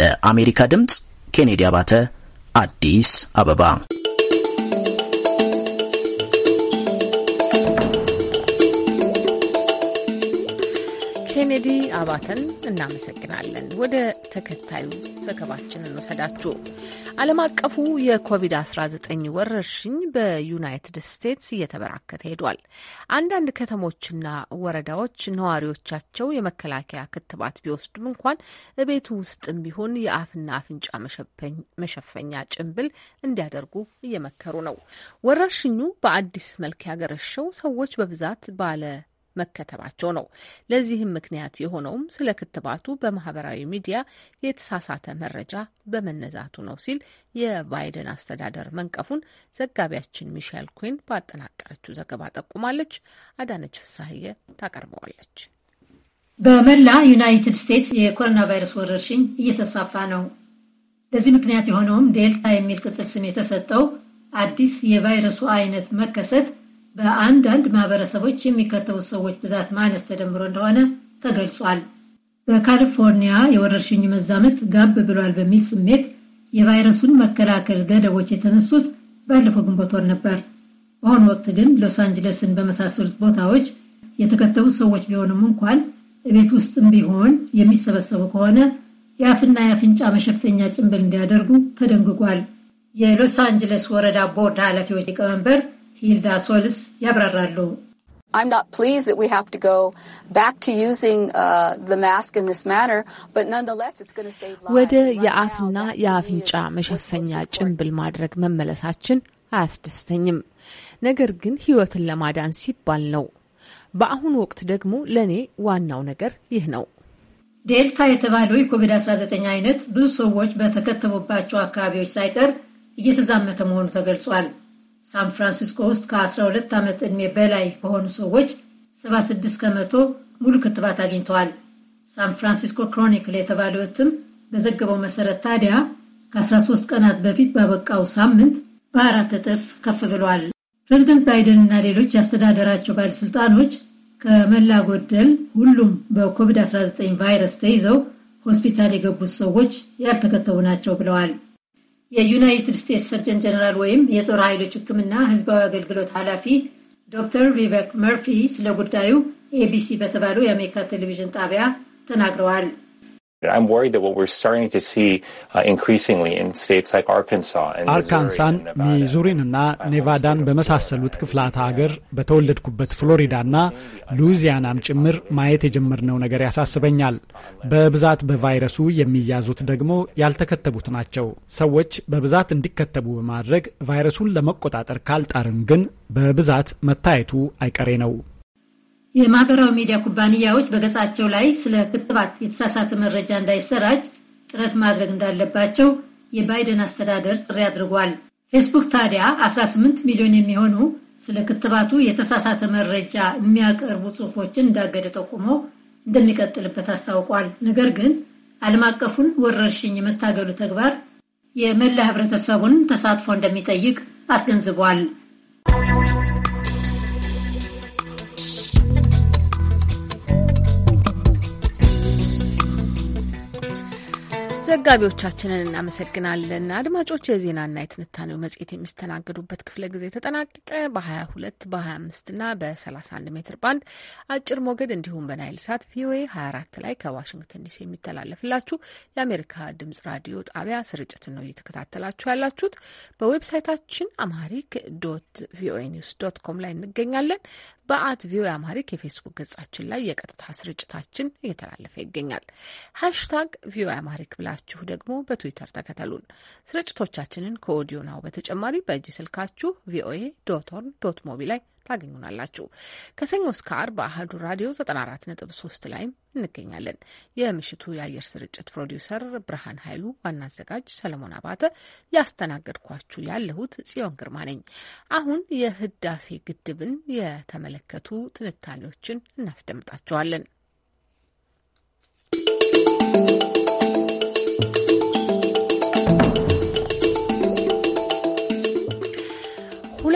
ለአሜሪካ ድምፅ ኬኔዲ አባተ አዲስ አበባ አባተን እናመሰግናለን። ወደ ተከታዩ ዘገባችን እንወሰዳችሁ። ዓለም አቀፉ የኮቪድ-19 ወረርሽኝ በዩናይትድ ስቴትስ እየተበራከተ ሄዷል። አንዳንድ ከተሞችና ወረዳዎች ነዋሪዎቻቸው የመከላከያ ክትባት ቢወስዱም እንኳን እቤቱ ውስጥም ቢሆን የአፍና አፍንጫ መሸፈኛ ጭንብል እንዲያደርጉ እየመከሩ ነው። ወረርሽኙ በአዲስ መልክ ያገረሸው ሰዎች በብዛት ባለ መከተባቸው ነው። ለዚህም ምክንያት የሆነውም ስለ ክትባቱ በማህበራዊ ሚዲያ የተሳሳተ መረጃ በመነዛቱ ነው ሲል የባይደን አስተዳደር መንቀፉን ዘጋቢያችን ሚሻል ኩን ባጠናቀረችው ዘገባ ጠቁማለች። አዳነች ፍሳህየ ታቀርበዋለች። በመላ ዩናይትድ ስቴትስ የኮሮና ቫይረስ ወረርሽኝ እየተስፋፋ ነው። ለዚህ ምክንያት የሆነውም ዴልታ የሚል ቅጽል ስም የተሰጠው አዲስ የቫይረሱ አይነት መከሰት በአንዳንድ ማህበረሰቦች የሚከተቡት ሰዎች ብዛት ማነስ ተደምሮ እንደሆነ ተገልጿል። በካሊፎርኒያ የወረርሽኙ መዛመት ጋብ ብሏል በሚል ስሜት የቫይረሱን መከላከል ገደቦች የተነሱት ባለፈው ግንቦት ወር ነበር። በአሁኑ ወቅት ግን ሎስ አንጅለስን በመሳሰሉት ቦታዎች የተከተቡ ሰዎች ቢሆኑም እንኳን ቤት ውስጥም ቢሆን የሚሰበሰቡ ከሆነ የአፍና የአፍንጫ መሸፈኛ ጭንብል እንዲያደርጉ ተደንግጓል። የሎስ አንጅለስ ወረዳ ቦርድ ኃላፊዎች ሊቀመንበር ይልዳ ሶልስ ያብራራሉ። I'm not pleased that we have to go back to using uh, the mask in this manner, but nonetheless it's going to save lives. ወደ የአፍና የአፍንጫ መሸፈኛ ጭንብል ማድረግ መመለሳችን አያስደስተኝም፣ ነገር ግን ሕይወትን ለማዳን ሲባል ነው። በአሁኑ ወቅት ደግሞ ለእኔ ዋናው ነገር ይህ ነው። ዴልታ የተባለው የኮቪድ-19 አይነት ብዙ ሰዎች በተከተቡባቸው አካባቢዎች ሳይቀር እየተዛመተ መሆኑ ተገልጿል። ሳን ፍራንሲስኮ ውስጥ ከ12 ዓመት ዕድሜ በላይ ከሆኑ ሰዎች 76 ከመቶ ሙሉ ክትባት አግኝተዋል። ሳን ፍራንሲስኮ ክሮኒክል የተባለው እትም በዘገበው መሰረት ታዲያ ከ13 ቀናት በፊት ባበቃው ሳምንት በአራት እጥፍ ከፍ ብሏል። ፕሬዚደንት ባይደን እና ሌሎች ያስተዳደራቸው ባለሥልጣኖች ከመላ ጎደል ሁሉም በኮቪድ-19 ቫይረስ ተይዘው ሆስፒታል የገቡት ሰዎች ያልተከተቡ ናቸው ብለዋል። የዩናይትድ ስቴትስ ሰርጀን ጀነራል ወይም የጦር ኃይሎች ሕክምና ህዝባዊ አገልግሎት ኃላፊ ዶክተር ሪቨክ መርፊ ስለ ጉዳዩ ኤቢሲ በተባለው የአሜሪካ ቴሌቪዥን ጣቢያ ተናግረዋል። አርካንሳን ሚዙሪንና ኔቫዳን በመሳሰሉት ክፍላት ሀገር በተወለድኩበት ፍሎሪዳና ሉዚያናም ጭምር ማየት የጀመርነው ነገር ያሳስበኛል። በብዛት በቫይረሱ የሚያዙት ደግሞ ያልተከተቡት ናቸው። ሰዎች በብዛት እንዲከተቡ በማድረግ ቫይረሱን ለመቆጣጠር ካልጣርን ግን በብዛት መታየቱ አይቀሬ ነው። የማህበራዊ ሚዲያ ኩባንያዎች በገጻቸው ላይ ስለ ክትባት የተሳሳተ መረጃ እንዳይሰራጭ ጥረት ማድረግ እንዳለባቸው የባይደን አስተዳደር ጥሪ አድርጓል። ፌስቡክ ታዲያ 18 ሚሊዮን የሚሆኑ ስለ ክትባቱ የተሳሳተ መረጃ የሚያቀርቡ ጽሑፎችን እንዳገደ ጠቁሞ እንደሚቀጥልበት አስታውቋል። ነገር ግን ዓለም አቀፉን ወረርሽኝ የመታገሉ ተግባር የመላ ህብረተሰቡን ተሳትፎ እንደሚጠይቅ አስገንዝቧል። ዘጋቢዎቻችንን እናመሰግናለን። አድማጮች የዜናና የትንታኔው መጽሔት የሚስተናገዱበት ክፍለ ጊዜ ተጠናቀቀ። በ22 በ25 እና በ31 ሜትር ባንድ አጭር ሞገድ እንዲሁም በናይል ሳት ቪኦኤ 24 ላይ ከዋሽንግተን ዲሲ የሚተላለፍላችሁ የአሜሪካ ድምጽ ራዲዮ ጣቢያ ስርጭት ነው እየተከታተላችሁ ያላችሁት። በዌብሳይታችን አማሪክ ዶት ቪኦኤ ኒውስ ዶት ኮም ላይ እንገኛለን። በአት ቪኦኤ አማሪክ የፌስቡክ ገጻችን ላይ የቀጥታ ስርጭታችን እየተላለፈ ይገኛል። ሃሽታግ ቪኦኤ አማሪክ ብላችሁ ደግሞ በትዊተር ተከተሉን። ስርጭቶቻችንን ከኦዲዮ ናው በተጨማሪ በእጅ ስልካችሁ ቪኦኤ ዶት ሆርን ዶት ሞቢ ላይ ታገኙናላችሁ። ከሰኞ እስከ አርብ በአህዱ ራዲዮ 94.3 ላይም እንገኛለን። የምሽቱ የአየር ስርጭት ፕሮዲውሰር ብርሃን ኃይሉ፣ ዋና አዘጋጅ ሰለሞን አባተ፣ ያስተናገድኳችሁ ያለሁት ጽዮን ግርማ ነኝ። አሁን የህዳሴ ግድብን የተመለከቱ ትንታኔዎችን እናስደምጣቸዋለን።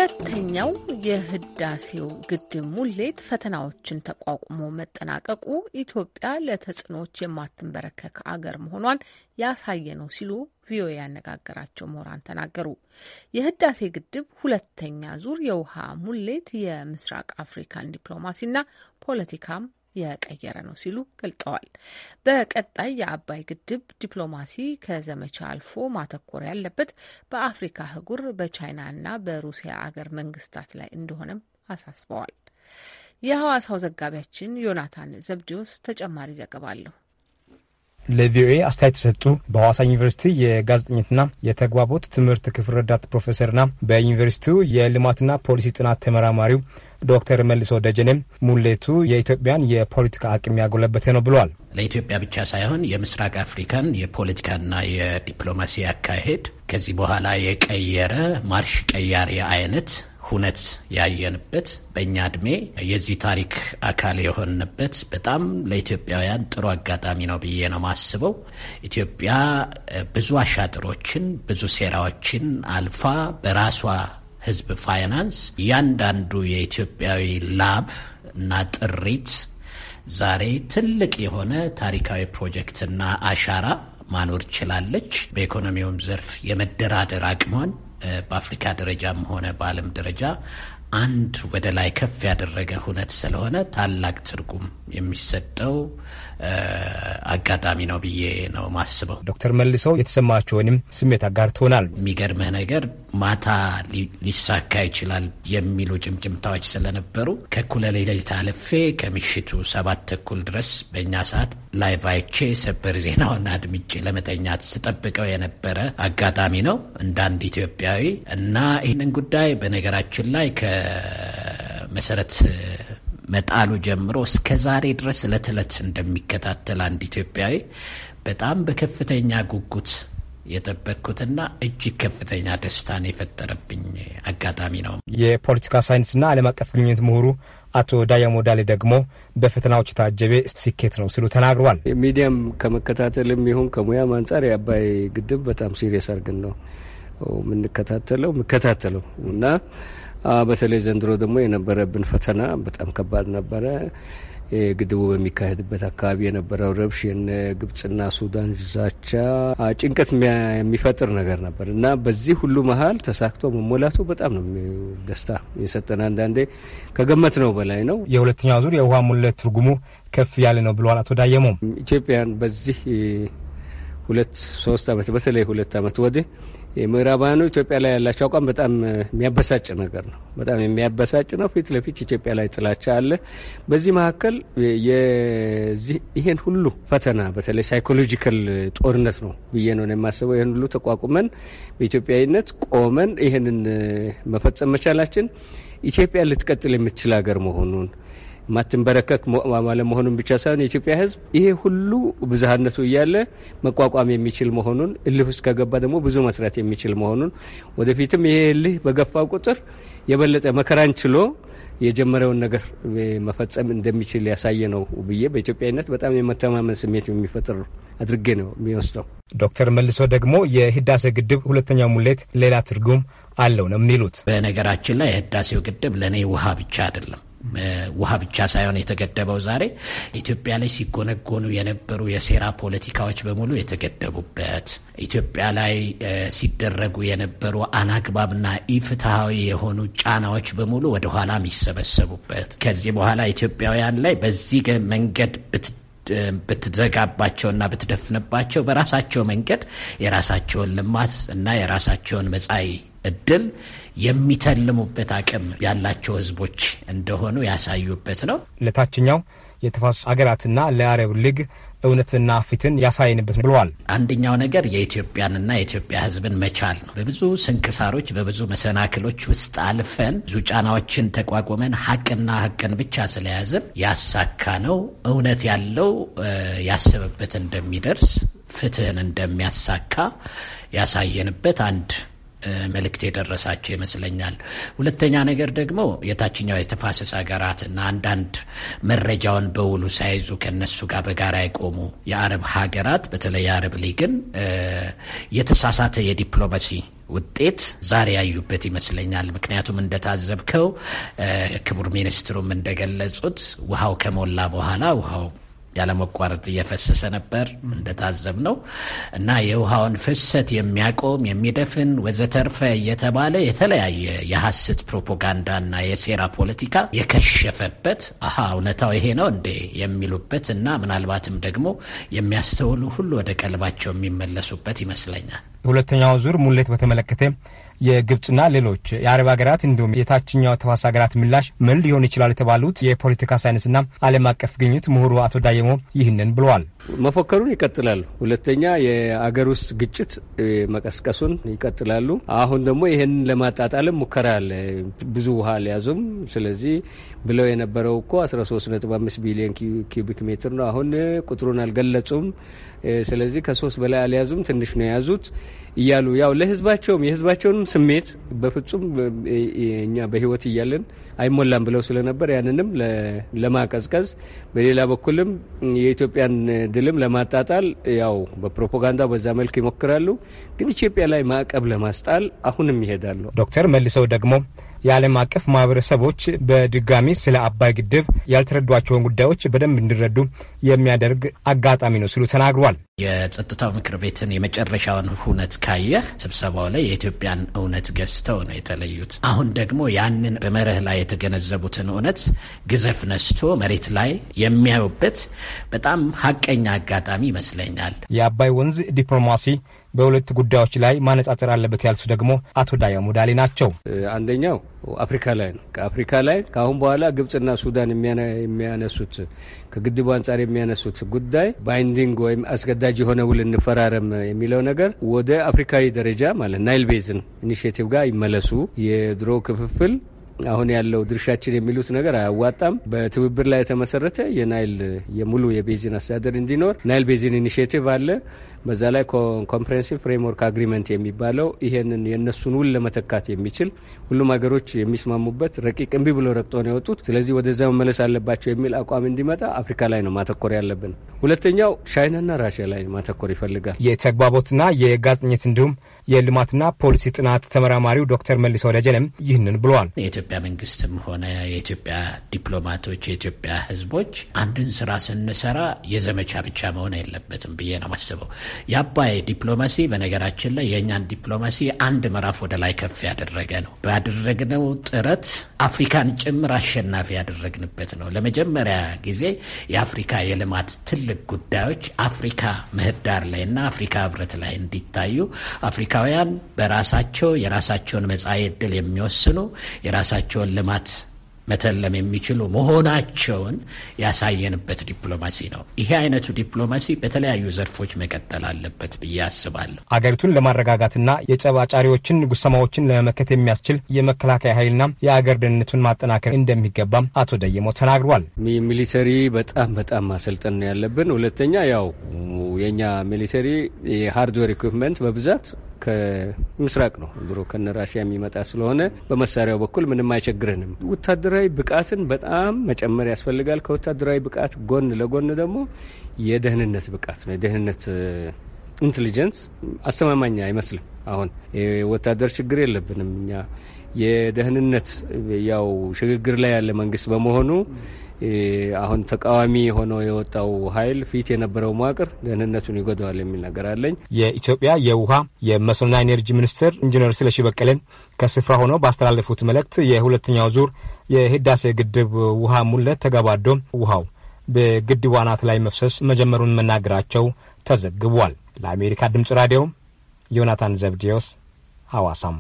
ሁለተኛው የህዳሴው ግድብ ሙሌት ፈተናዎችን ተቋቁሞ መጠናቀቁ ኢትዮጵያ ለተጽዕኖዎች የማትንበረከክ አገር መሆኗን ያሳየ ነው ሲሉ ቪኦኤ ያነጋገራቸው ምሁራን ተናገሩ። የህዳሴ ግድብ ሁለተኛ ዙር የውሃ ሙሌት የምስራቅ አፍሪካን ዲፕሎማሲና ፖለቲካም የቀየረ ነው ሲሉ ገልጠዋል። በቀጣይ የአባይ ግድብ ዲፕሎማሲ ከዘመቻ አልፎ ማተኮር ያለበት በአፍሪካ ህጉር እና በሩሲያ አገር መንግስታት ላይ እንደሆነም አሳስበዋል። የሐዋሳው ዘጋቢያችን ዮናታን ዘብዲዎስ ተጨማሪ ዘገባ አለው። ለቪኦኤ አስተያየት የሰጡ በሐዋሳ ዩኒቨርሲቲ የጋዜጠኝነትና የተግባቦት ትምህርት ክፍል ረዳት ፕሮፌሰርና በዩኒቨርሲቲው የልማትና ፖሊሲ ጥናት ተመራማሪው ዶክተር መልሶ ደጀኔም ሙሌቱ የኢትዮጵያን የፖለቲካ አቅም ያጎለበተ ነው ብሏል። ለኢትዮጵያ ብቻ ሳይሆን የምስራቅ አፍሪካን የፖለቲካና የዲፕሎማሲ አካሄድ ከዚህ በኋላ የቀየረ ማርሽ ቀያሪ አይነት ሁነት ያየንበት በእኛ እድሜ የዚህ ታሪክ አካል የሆንበት በጣም ለኢትዮጵያውያን ጥሩ አጋጣሚ ነው ብዬ ነው ማስበው። ኢትዮጵያ ብዙ አሻጥሮችን፣ ብዙ ሴራዎችን አልፋ በራሷ ህዝብ ፋይናንስ እያንዳንዱ የኢትዮጵያዊ ላብ እና ጥሪት ዛሬ ትልቅ የሆነ ታሪካዊ ፕሮጀክትና አሻራ ማኖር ችላለች። በኢኮኖሚውም ዘርፍ የመደራደር አቅሟን በአፍሪካ ደረጃም ሆነ በዓለም ደረጃ አንድ ወደ ላይ ከፍ ያደረገ ሁነት ስለሆነ ታላቅ ትርጉም የሚሰጠው አጋጣሚ ነው ብዬ ነው ማስበው። ዶክተር መልሰው የተሰማቸውንም ስሜት አጋርተውናል። የሚገርምህ ነገር ማታ ሊሳካ ይችላል የሚሉ ጭምጭምታዎች ስለነበሩ ከእኩለ ሌሊት አልፌ ከምሽቱ ሰባት ተኩል ድረስ በእኛ ሰዓት ላይቭ አይቼ ሰበር ዜናውን አድምጬ ለመተኛት ስጠብቀው የነበረ አጋጣሚ ነው እንደ አንድ ኢትዮጵያዊ እና ይህንን ጉዳይ በነገራችን ላይ ከመሰረት መጣሉ ጀምሮ እስከ ዛሬ ድረስ እለት እለት እንደሚከታተል አንድ ኢትዮጵያዊ በጣም በከፍተኛ ጉጉት የጠበቅኩትና እጅግ ከፍተኛ ደስታን የፈጠረብኝ አጋጣሚ ነው። የፖለቲካ ሳይንስና ዓለም አቀፍ ግንኙነት ምሁሩ አቶ ዳያሞ ዳሌ ደግሞ በፈተናዎች የታጀበ ስኬት ነው ሲሉ ተናግሯል። ሚዲያም ከመከታተልም ይሁን ከሙያም አንጻር የአባይ ግድብ በጣም ሲሪየስ አርግን ነው የምንከታተለው የምከታተለው እና በተለይ ዘንድሮ ደግሞ የነበረብን ፈተና በጣም ከባድ ነበረ። ግድቡ በሚካሄድበት አካባቢ የነበረው ረብሽ የነ ግብጽና ሱዳን ዛቻ ጭንቀት የሚፈጥር ነገር ነበር እና በዚህ ሁሉ መሀል ተሳክቶ መሞላቱ በጣም ነው ደስታ የሰጠን። አንዳንዴ ከገመት ነው በላይ ነው። የሁለተኛው ዙር የውሃ ሙሌት ትርጉሙ ከፍ ያለ ነው ብለዋል አቶ ዳየሞም። ኢትዮጵያን በዚህ ሁለት ሶስት አመት በተለይ ሁለት አመት ወዲህ የምዕራባውያኑ ኢትዮጵያ ላይ ያላቸው አቋም በጣም የሚያበሳጭ ነገር ነው። በጣም የሚያበሳጭ ነው። ፊት ለፊት ኢትዮጵያ ላይ ጥላቻ አለ። በዚህ መካከል ይሄን ሁሉ ፈተና በተለይ ሳይኮሎጂካል ጦርነት ነው ብዬ ነው የማስበው። ይህን ሁሉ ተቋቁመን በኢትዮጵያዊነት ቆመን ይህንን መፈጸም መቻላችን ኢትዮጵያ ልትቀጥል የምትችል ሀገር መሆኑን ማትንበረከክ ለመሆኑን ብቻ ሳይሆን የኢትዮጵያ ሕዝብ ይሄ ሁሉ ብዝሃነቱ እያለ መቋቋም የሚችል መሆኑን እልህ ውስጥ ከገባ ደግሞ ብዙ መስራት የሚችል መሆኑን ወደፊትም ይሄ እልህ በገፋ ቁጥር የበለጠ መከራን ችሎ የጀመረውን ነገር መፈጸም እንደሚችል ያሳየ ነው ብዬ በኢትዮጵያዊነት በጣም የመተማመን ስሜት የሚፈጥር አድርጌ ነው የሚወስደው። ዶክተር መልሶ ደግሞ የህዳሴ ግድብ ሁለተኛው ሙሌት ሌላ ትርጉም አለው ነው የሚሉት። በነገራችን ላይ የህዳሴው ግድብ ለእኔ ውሃ ብቻ አይደለም ውሃ ብቻ ሳይሆን የተገደበው ዛሬ ኢትዮጵያ ላይ ሲጎነጎኑ የነበሩ የሴራ ፖለቲካዎች በሙሉ የተገደቡበት ኢትዮጵያ ላይ ሲደረጉ የነበሩ አናግባብና ኢፍትሐዊ የሆኑ ጫናዎች በሙሉ ወደኋላ የሚሰበሰቡበት ከዚህ በኋላ ኢትዮጵያውያን ላይ በዚህ መንገድ ብትዘጋባቸውና ብትደፍንባቸው በራሳቸው መንገድ የራሳቸውን ልማት እና የራሳቸውን መጻይ እድል የሚተልሙበት አቅም ያላቸው ህዝቦች እንደሆኑ ያሳዩበት ነው። ለታችኛው የተፋሰሱ ሀገራትና ለአረብ ሊግ እውነትና ፊትን ያሳየንበት ብለዋል። አንደኛው ነገር የኢትዮጵያንና የኢትዮጵያ ህዝብን መቻል ነው። በብዙ ስንክሳሮች፣ በብዙ መሰናክሎች ውስጥ አልፈን ብዙ ጫናዎችን ተቋቁመን ሀቅና ሀቅን ብቻ ስለያዝን ያሳካ ነው። እውነት ያለው ያሰበበት እንደሚደርስ፣ ፍትህን እንደሚያሳካ ያሳየንበት አንድ መልእክት የደረሳቸው ይመስለኛል። ሁለተኛ ነገር ደግሞ የታችኛው የተፋሰስ ሀገራትና አንዳንድ መረጃውን በውሉ ሳይዙ ከነሱ ጋር በጋራ የቆሙ የአረብ ሀገራት በተለይ የአረብ ሊግን የተሳሳተ የዲፕሎማሲ ውጤት ዛሬ ያዩበት ይመስለኛል። ምክንያቱም እንደታዘብከው ክቡር ሚኒስትሩም እንደገለጹት ውሃው ከሞላ በኋላ ውሃው ያለመቋረጥ እየፈሰሰ ነበር እንደታዘብ ነው እና የውሃውን ፍሰት የሚያቆም የሚደፍን ወዘተርፈ እየተባለ የተለያየ የሐሰት ፕሮፓጋንዳና የሴራ ፖለቲካ የከሸፈበት አሀ እውነታው ይሄ ነው እንዴ የሚሉበት እና ምናልባትም ደግሞ የሚያስተውሉ ሁሉ ወደ ቀልባቸው የሚመለሱበት ይመስለኛል። ሁለተኛው ዙር ሙሌት በተመለከተ የግብጽና ሌሎች የአረብ ሀገራት እንዲሁም የታችኛው ተፋሰስ ሀገራት ምላሽ ምን ሊሆን ይችላል የተባሉት የፖለቲካ ሳይንስና ዓለም አቀፍ ግኝት ምሁሩ አቶ ዳየሞ ይህንን ብለዋል። መፎከሩን ይቀጥላሉ። ሁለተኛ የአገር ውስጥ ግጭት መቀስቀሱን ይቀጥላሉ። አሁን ደግሞ ይህንን ለማጣጣልም ሙከራ አለ። ብዙ ውሃ አልያዙም። ስለዚህ ብለው የነበረው እኮ 13.5 ቢሊዮን ኪቢክ ሜትር ነው። አሁን ቁጥሩን አልገለጹም። ስለዚህ ከሶስት በላይ አልያዙም። ትንሽ ነው የያዙት። እያሉ ያው ለህዝባቸውም የህዝባቸውንም ስሜት በፍጹም እኛ በህይወት እያለን አይሞላም ብለው ስለነበር ያንንም ለማቀዝቀዝ በሌላ በኩልም የኢትዮጵያን ድልም ለማጣጣል ያው በፕሮፓጋንዳ በዛ መልክ ይሞክራሉ። ግን ኢትዮጵያ ላይ ማዕቀብ ለማስጣል አሁንም ይሄዳሉ። ዶክተር መልሰው ደግሞ የዓለም አቀፍ ማህበረሰቦች በድጋሚ ስለ አባይ ግድብ ያልተረዷቸውን ጉዳዮች በደንብ እንዲረዱ የሚያደርግ አጋጣሚ ነው ሲሉ ተናግሯል። የጸጥታው ምክር ቤትን የመጨረሻውን ሁነት ካየ ስብሰባው ላይ የኢትዮጵያን እውነት ገዝተው ነው የተለዩት። አሁን ደግሞ ያንን በመርህ ላይ የተገነዘቡትን እውነት ግዘፍ ነስቶ መሬት ላይ የሚያዩበት በጣም ሀቀኛ አጋጣሚ ይመስለኛል። የአባይ ወንዝ ዲፕሎማሲ በሁለት ጉዳዮች ላይ ማነጻጸር አለበት ያሉት ደግሞ አቶ ዳያ ሙዳሌ ናቸው። አንደኛው አፍሪካ ላይ ነው። ከአፍሪካ ላይ ከአሁን በኋላ ግብጽና ሱዳን የሚያነሱት ከግድቡ አንጻር የሚያነሱት ጉዳይ ባይንዲንግ ወይም አስገዳጅ የሆነ ውል እንፈራረም የሚለው ነገር ወደ አፍሪካዊ ደረጃ ማለት ናይል ቤዝን ኢኒሽቲቭ ጋር ይመለሱ የድሮ ክፍፍል አሁን ያለው ድርሻችን የሚሉት ነገር አያዋጣም። በትብብር ላይ የተመሰረተ የናይል የሙሉ የቤዚን አስተዳደር እንዲኖር ናይል ቤዚን ኢኒሽቲቭ አለ። በዛ ላይ ኮምፕሬንሲቭ ፍሬምወርክ አግሪመንት የሚባለው ይሄንን የእነሱን ውል ለመተካት የሚችል ሁሉም ሀገሮች የሚስማሙበት ረቂቅ እምቢ ብሎ ረግጦ ነው የወጡት። ስለዚህ ወደዛ መመለስ አለባቸው የሚል አቋም እንዲመጣ አፍሪካ ላይ ነው ማተኮር ያለብን። ሁለተኛው ቻይናና ራሽያ ላይ ማተኮር ይፈልጋል። የተግባቦትና የጋጽኘት እንዲሁም የልማትና ፖሊሲ ጥናት ተመራማሪው ዶክተር መልሶ ደጀንም ይህንን ብለዋል። የኢትዮጵያ መንግስትም ሆነ የኢትዮጵያ ዲፕሎማቶች፣ የኢትዮጵያ ህዝቦች አንድን ስራ ስንሰራ የዘመቻ ብቻ መሆን የለበትም ብዬ ነው ማስበው። የአባይ ዲፕሎማሲ በነገራችን ላይ የእኛን ዲፕሎማሲ አንድ ምዕራፍ ወደ ላይ ከፍ ያደረገ ነው። ባደረግነው ጥረት አፍሪካን ጭምር አሸናፊ ያደረግንበት ነው። ለመጀመሪያ ጊዜ የአፍሪካ የልማት ትልቅ ጉዳዮች አፍሪካ ምህዳር ላይ እና አፍሪካ ህብረት ላይ እንዲታዩ አፍሪካ አፍሪካውያን በራሳቸው የራሳቸውን መጻኢ ዕድል የሚወስኑ የራሳቸውን ልማት መተለም የሚችሉ መሆናቸውን ያሳየንበት ዲፕሎማሲ ነው። ይሄ አይነቱ ዲፕሎማሲ በተለያዩ ዘርፎች መቀጠል አለበት ብዬ አስባለሁ። አገሪቱን ለማረጋጋትና የጨባጫሪዎችን ጉሰማዎችን ለመመከት የሚያስችል የመከላከያ ኃይልና የአገር ደህንነቱን ማጠናከር እንደሚገባም አቶ ደየሞ ተናግሯል። ሚሊተሪ በጣም በጣም ማሰልጠን ነው ያለብን። ሁለተኛ ያው የእኛ ሚሊተሪ የሃርድዌር ኢኩፕመንት በብዛት ከምስራቅ ነው ብሎ ከነ ራሽያ የሚመጣ ስለሆነ በመሳሪያው በኩል ምንም አይቸግረንም። ወታደ ወታደራዊ ብቃትን በጣም መጨመር ያስፈልጋል። ከወታደራዊ ብቃት ጎን ለጎን ደግሞ የደህንነት ብቃት ነው። የደህንነት ኢንቴሊጀንስ አስተማማኝ አይመስልም። አሁን የወታደር ችግር የለብንም እኛ የደህንነት ያው ሽግግር ላይ ያለ መንግስት በመሆኑ አሁን ተቃዋሚ ሆነው የወጣው ኃይል ፊት የነበረው መዋቅር ደህንነቱን ይጎዳዋል የሚል ነገር አለኝ። የኢትዮጵያ የውሃ የመስኖና ኢነርጂ ሚኒስትር ኢንጂነር ስለሺ በቀለን ከስፍራ ሆነው ባስተላለፉት መልእክት የሁለተኛው ዙር የህዳሴ ግድብ ውሃ ሙሌት ተገባዶ ውሃው በግድቡ አናት ላይ መፍሰስ መጀመሩን መናገራቸው ተዘግቧል። ለአሜሪካ ድምፅ ራዲዮ ዮናታን ዘብዲዮስ ሐዋሳም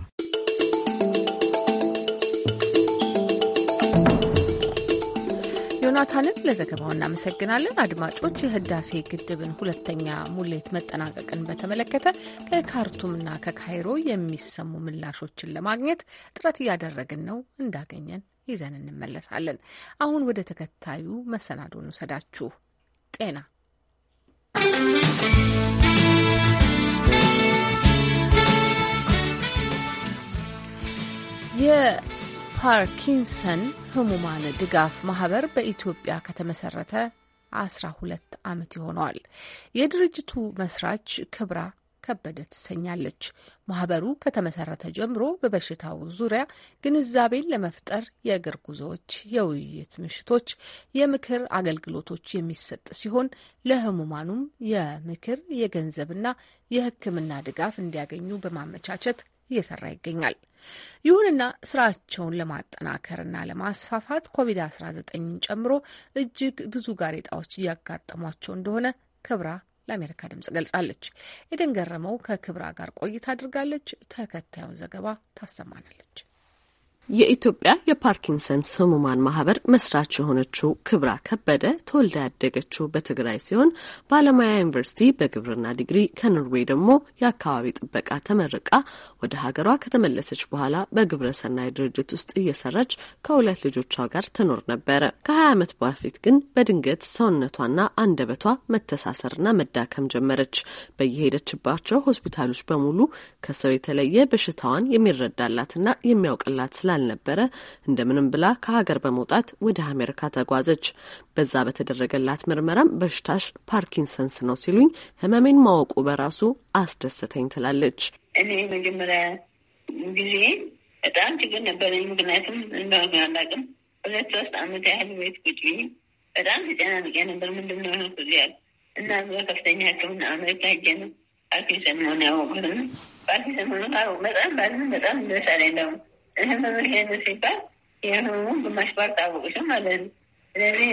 ዮናታንን ለዘገባው እናመሰግናለን። አድማጮች የህዳሴ ግድብን ሁለተኛ ሙሌት መጠናቀቅን በተመለከተ ከካርቱምና ከካይሮ የሚሰሙ ምላሾችን ለማግኘት ጥረት እያደረግን ነው። እንዳገኘን ይዘን እንመለሳለን። አሁን ወደ ተከታዩ መሰናዶ እንውሰዳችሁ። ጤና የፓርኪንሰን ህሙማን ድጋፍ ማህበር በኢትዮጵያ ከተመሰረተ አስራ ሁለት ዓመት ይሆነዋል። የድርጅቱ መስራች ክብራ ከበደ ትሰኛለች። ማህበሩ ከተመሰረተ ጀምሮ በበሽታው ዙሪያ ግንዛቤን ለመፍጠር የእግር ጉዞዎች፣ የውይይት ምሽቶች፣ የምክር አገልግሎቶች የሚሰጥ ሲሆን ለህሙማኑም የምክር የገንዘብና የሕክምና ድጋፍ እንዲያገኙ በማመቻቸት እየሰራ ይገኛል። ይሁንና ስራቸውን ለማጠናከርና ለማስፋፋት ኮቪድ-19ን ጨምሮ እጅግ ብዙ ጋሬጣዎች እያጋጠሟቸው እንደሆነ ክብራ ለአሜሪካ ድምጽ ገልጻለች። ኤደን ገረመው ከክብራ ጋር ቆይታ አድርጋለች። ተከታዩን ዘገባ ታሰማናለች። የኢትዮጵያ የፓርኪንሰንስ ህሙማን ማህበር መስራች የሆነችው ክብራ ከበደ ተወልዳ ያደገችው በትግራይ ሲሆን በአለማያ ዩኒቨርሲቲ በግብርና ዲግሪ ከኖርዌይ ደግሞ የአካባቢ ጥበቃ ተመርቃ ወደ ሀገሯ ከተመለሰች በኋላ በግብረ ሰናይ ድርጅት ውስጥ እየሰራች ከሁለት ልጆቿ ጋር ትኖር ነበረ። ከሀያ ዓመት በፊት ግን በድንገት ሰውነቷና አንደበቷ መተሳሰርና መዳከም ጀመረች። በየሄደችባቸው ሆስፒታሎች በሙሉ ከሰው የተለየ በሽታዋን የሚረዳላትና የሚያውቅላት ስላለ ስላልነበረ እንደምንም ብላ ከሀገር በመውጣት ወደ አሜሪካ ተጓዘች። በዛ በተደረገላት ምርመራም በሽታሽ ፓርኪንሰንስ ነው ሲሉኝ ህመሜን ማወቁ በራሱ አስደሰተኝ ትላለች። እኔ መጀመሪያ ጊዜ በጣም ችግር ነበረኝ። ምክንያቱም እንደሆነ አላውቅም። ሁለት ሶስት አመት ያህል ቤት ቁጭ በጣም ተጨናንቄ ነበር። ምንድን ነው ሆነ ያል እና ዞ ከፍተኛ ሕክምና አሜሪካ ሄጄ ነው ፓርኪንሰን መሆን ያወቅሁት። ፓርኪንሰን መሆኑ በጣም ባልም በጣም ደሳላይ እንደሁ ህመም ይሄን ሲባል የህመሙ ግማሽ ባር ታወቅሽም ማለት ነው። ስለዚህ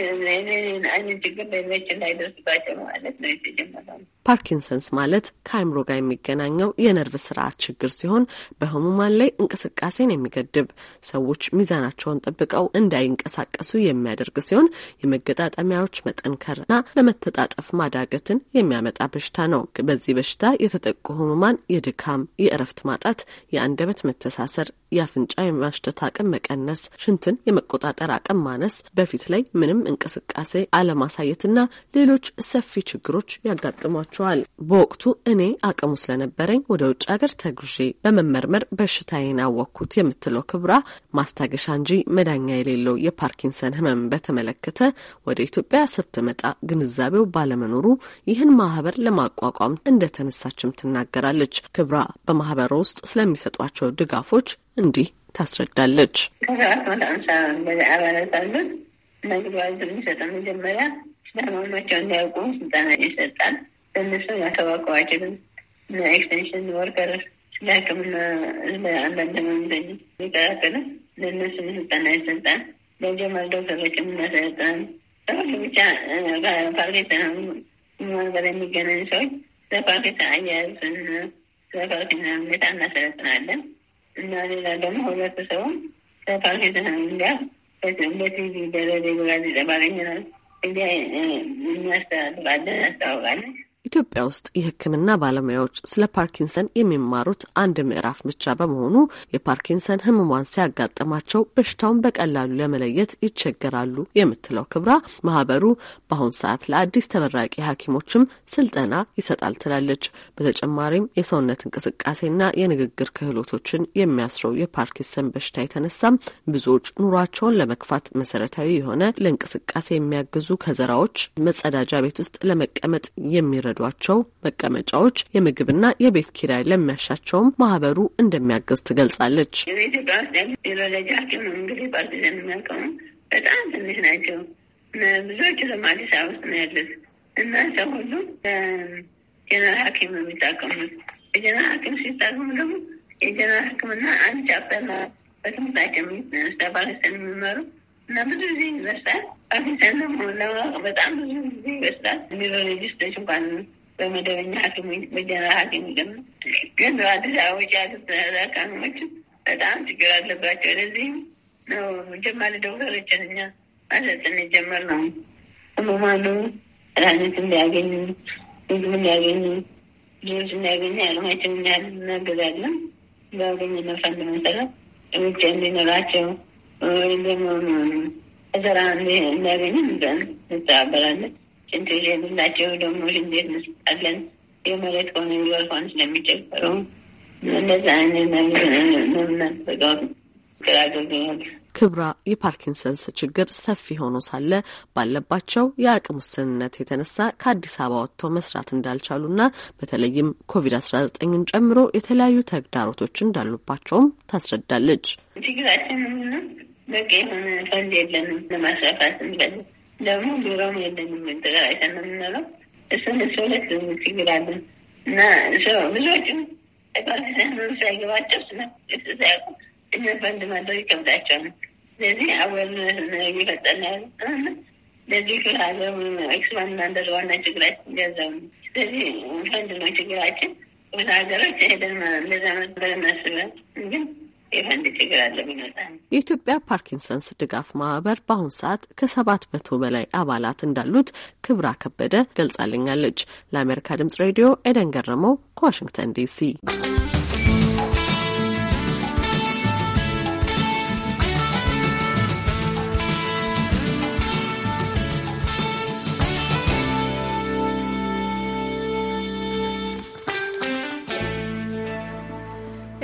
አይነት ችግር ሌሎችን ላይደርስባቸው ማለት ነው የተጀመረው ፓርኪንሰንስ ማለት ከአእምሮ ጋር የሚገናኘው የነርቭ ስርዓት ችግር ሲሆን በህሙማን ላይ እንቅስቃሴን የሚገድብ ሰዎች ሚዛናቸውን ጠብቀው እንዳይንቀሳቀሱ የሚያደርግ ሲሆን የመገጣጠሚያዎች መጠንከርና ለመተጣጠፍ ማዳገትን የሚያመጣ በሽታ ነው። በዚህ በሽታ የተጠቁ ህሙማን የድካም፣ የእረፍት ማጣት፣ የአንደበት መተሳሰር፣ የአፍንጫ የማሽተት አቅም መቀነስ፣ ሽንትን የመቆጣጠር አቅም ማነስ፣ በፊት ላይ ምንም እንቅስቃሴ አለማሳየትና ሌሎች ሰፊ ችግሮች ያጋጥሟቸዋል። ይኖራቸዋል። በወቅቱ እኔ አቅሙ ስለነበረኝ ወደ ውጭ ሀገር ተጉዤ በመመርመር በሽታዬን አወቅኩት የምትለው ክብራ ማስታገሻ እንጂ መዳኛ የሌለው የፓርኪንሰን ህመም በተመለከተ ወደ ኢትዮጵያ ስትመጣ ግንዛቤው ባለመኖሩ ይህን ማህበር ለማቋቋም እንደተነሳችም ትናገራለች። ክብራ በማህበሩ ውስጥ ስለሚሰጧቸው ድጋፎች እንዲህ ታስረዳለች። ከሰባት የሚሰጠው መጀመሪያ እንዳያውቁ ስልጠና ይሰጣል። እነሱ ናቸው አዋቂዎችም ኤክስቴንሽን ወርከሮች ለሕክምና ለአንዳንድ መምደኝ ሚቀላቀለ ለእነሱ ስልጠና ይሰጣል። ለጀማል ዶክተሮችም እናሰለጥናል። ሰዎች ብቻ ፓርኬታ ማንበር የሚገናኙ ሰዎች ለፓርኬታ አያያዝና ለፓርኬታ ሁኔታ እናሰለጥናለን እና ሌላ ደግሞ ሁለቱ ሰውም ለፓርኬታ እንዲያ በቲቪ ደረደ ጋዜጣ ባገኘናል እንዲያ እናስተላልፋለን፣ እናስታውቃለን ኢትዮጵያ ውስጥ የሕክምና ባለሙያዎች ስለ ፓርኪንሰን የሚማሩት አንድ ምዕራፍ ብቻ በመሆኑ የፓርኪንሰን ህሙማን ሲያጋጥማቸው በሽታውን በቀላሉ ለመለየት ይቸገራሉ የምትለው ክብራ ማህበሩ በአሁን ሰዓት ለአዲስ ተመራቂ ሐኪሞችም ስልጠና ይሰጣል ትላለች። በተጨማሪም የሰውነት እንቅስቃሴና የንግግር ክህሎቶችን የሚያስረው የፓርኪንሰን በሽታ የተነሳም ብዙዎች ኑሯቸውን ለመግፋት መሰረታዊ የሆነ ለእንቅስቃሴ የሚያግዙ ከዘራዎች መጸዳጃ ቤት ውስጥ ለመቀመጥ የሚረ ለሚረዷቸው መቀመጫዎች፣ የምግብና የቤት ኪራይ ለሚያሻቸውም ማህበሩ እንደሚያግዝ ትገልጻለች። ኢትዮጵያ ውስጥ የደረጃቸው ነው እንግዲህ ፓርቲ የሚያቀሙ በጣም ትንሽ ናቸው። ብዙዎቹ ደግሞ አዲስ አበባ ውስጥ ነው ያሉት እና ሰው ሁሉ ጀነራል ሐኪም ነው የሚታቀሙት። የጀነራል ሐኪም ሲታቀሙ ደግሞ የጀነራል ሕክምና አንድ ቻፕተር ነው በትምህርታቸው ሰባለስን የሚመሩ እና ብዙ ጊዜ ይመስላል አግኝተን ለማወቅ በጣም ብዙ ጊዜ ይመስላል። ኒሮሎጂስቶች እንኳን በመደበኛ ሐኪም በጀነራል ሐኪም ጀም ግን በአዲስ አበባ ውጭ ያሉት ታካሚዎች በጣም ችግር አለባቸው። ለዚህም ነው ጀማሪ ዶክተሮችን እኛ ማሰልጠን ጀመር ነው ህሙማኑ መድኃኒት እንዲያገኙ ምግብ እንዲያገኙ ልጆች እንዲያገኙ አቅማችን እናግዛለን። ባገኘነው ፈንድ መሰረት ሮች እንዲኖራቸው ክብራ የፓርኪንሰንስ ችግር ሰፊ ሆኖ ሳለ ባለባቸው የአቅም ውስንነት የተነሳ ከአዲስ አበባ ወጥቶ መስራት እንዳልቻሉ እንዳልቻሉና በተለይም ኮቪድ አስራ ዘጠኝን ጨምሮ የተለያዩ ተግዳሮቶች እንዳሉባቸውም ታስረዳለች። ችግራችን በቃ የሆነ ፈንድ የለንም ለማስፋፋት እንለን ደግሞ ቢሮም የለንም ተቀራይተ ነው የምንለው። እሱን እሱ ሁለት ችግር አለ እና ሰው ብዙዎችም ፓርቲሳን ሳይገባቸው ሳያውቁ እነ ፈንድ ማድረግ ይከብዳቸው ነው። ስለዚህ አወርነት እየፈጠና ያለ ለዚህ ክፍለ ሀገር ኤክስፓንድ እናንደር ዋና ችግራችን ገንዘብ ነው። ስለዚህ ፈንድ ነው ችግራችን። ወደ ሀገሮች ሄደን እንደዛ መበር እናስባል ግን የኢትዮጵያ ፓርኪንሰንስ ድጋፍ ማህበር በአሁኑ ሰዓት ከሰባት መቶ በላይ አባላት እንዳሉት ክብራ ከበደ ገልጻልኛለች። ለአሜሪካ ድምጽ ሬዲዮ ኤደን ገረመው ከዋሽንግተን ዲሲ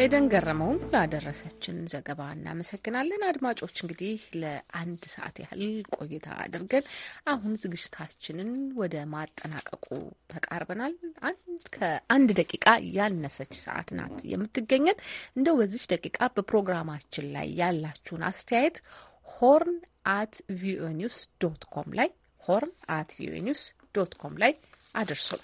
ኤደን ገረመውን ላደረሰችን ዘገባ እናመሰግናለን። አድማጮች እንግዲህ ለአንድ ሰዓት ያህል ቆይታ አድርገን አሁን ዝግጅታችንን ወደ ማጠናቀቁ ተቃርበናል። ከአንድ ደቂቃ ያነሰች ሰዓት ናት የምትገኘን። እንደው በዚች ደቂቃ በፕሮግራማችን ላይ ያላችሁን አስተያየት ሆርን አት ቪኦኤ ኒውስ ዶት ኮም ላይ ሆርን አት ቪኦኤ ኒውስ ዶት ኮም ላይ አድርሱን።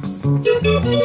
Jajjaboo.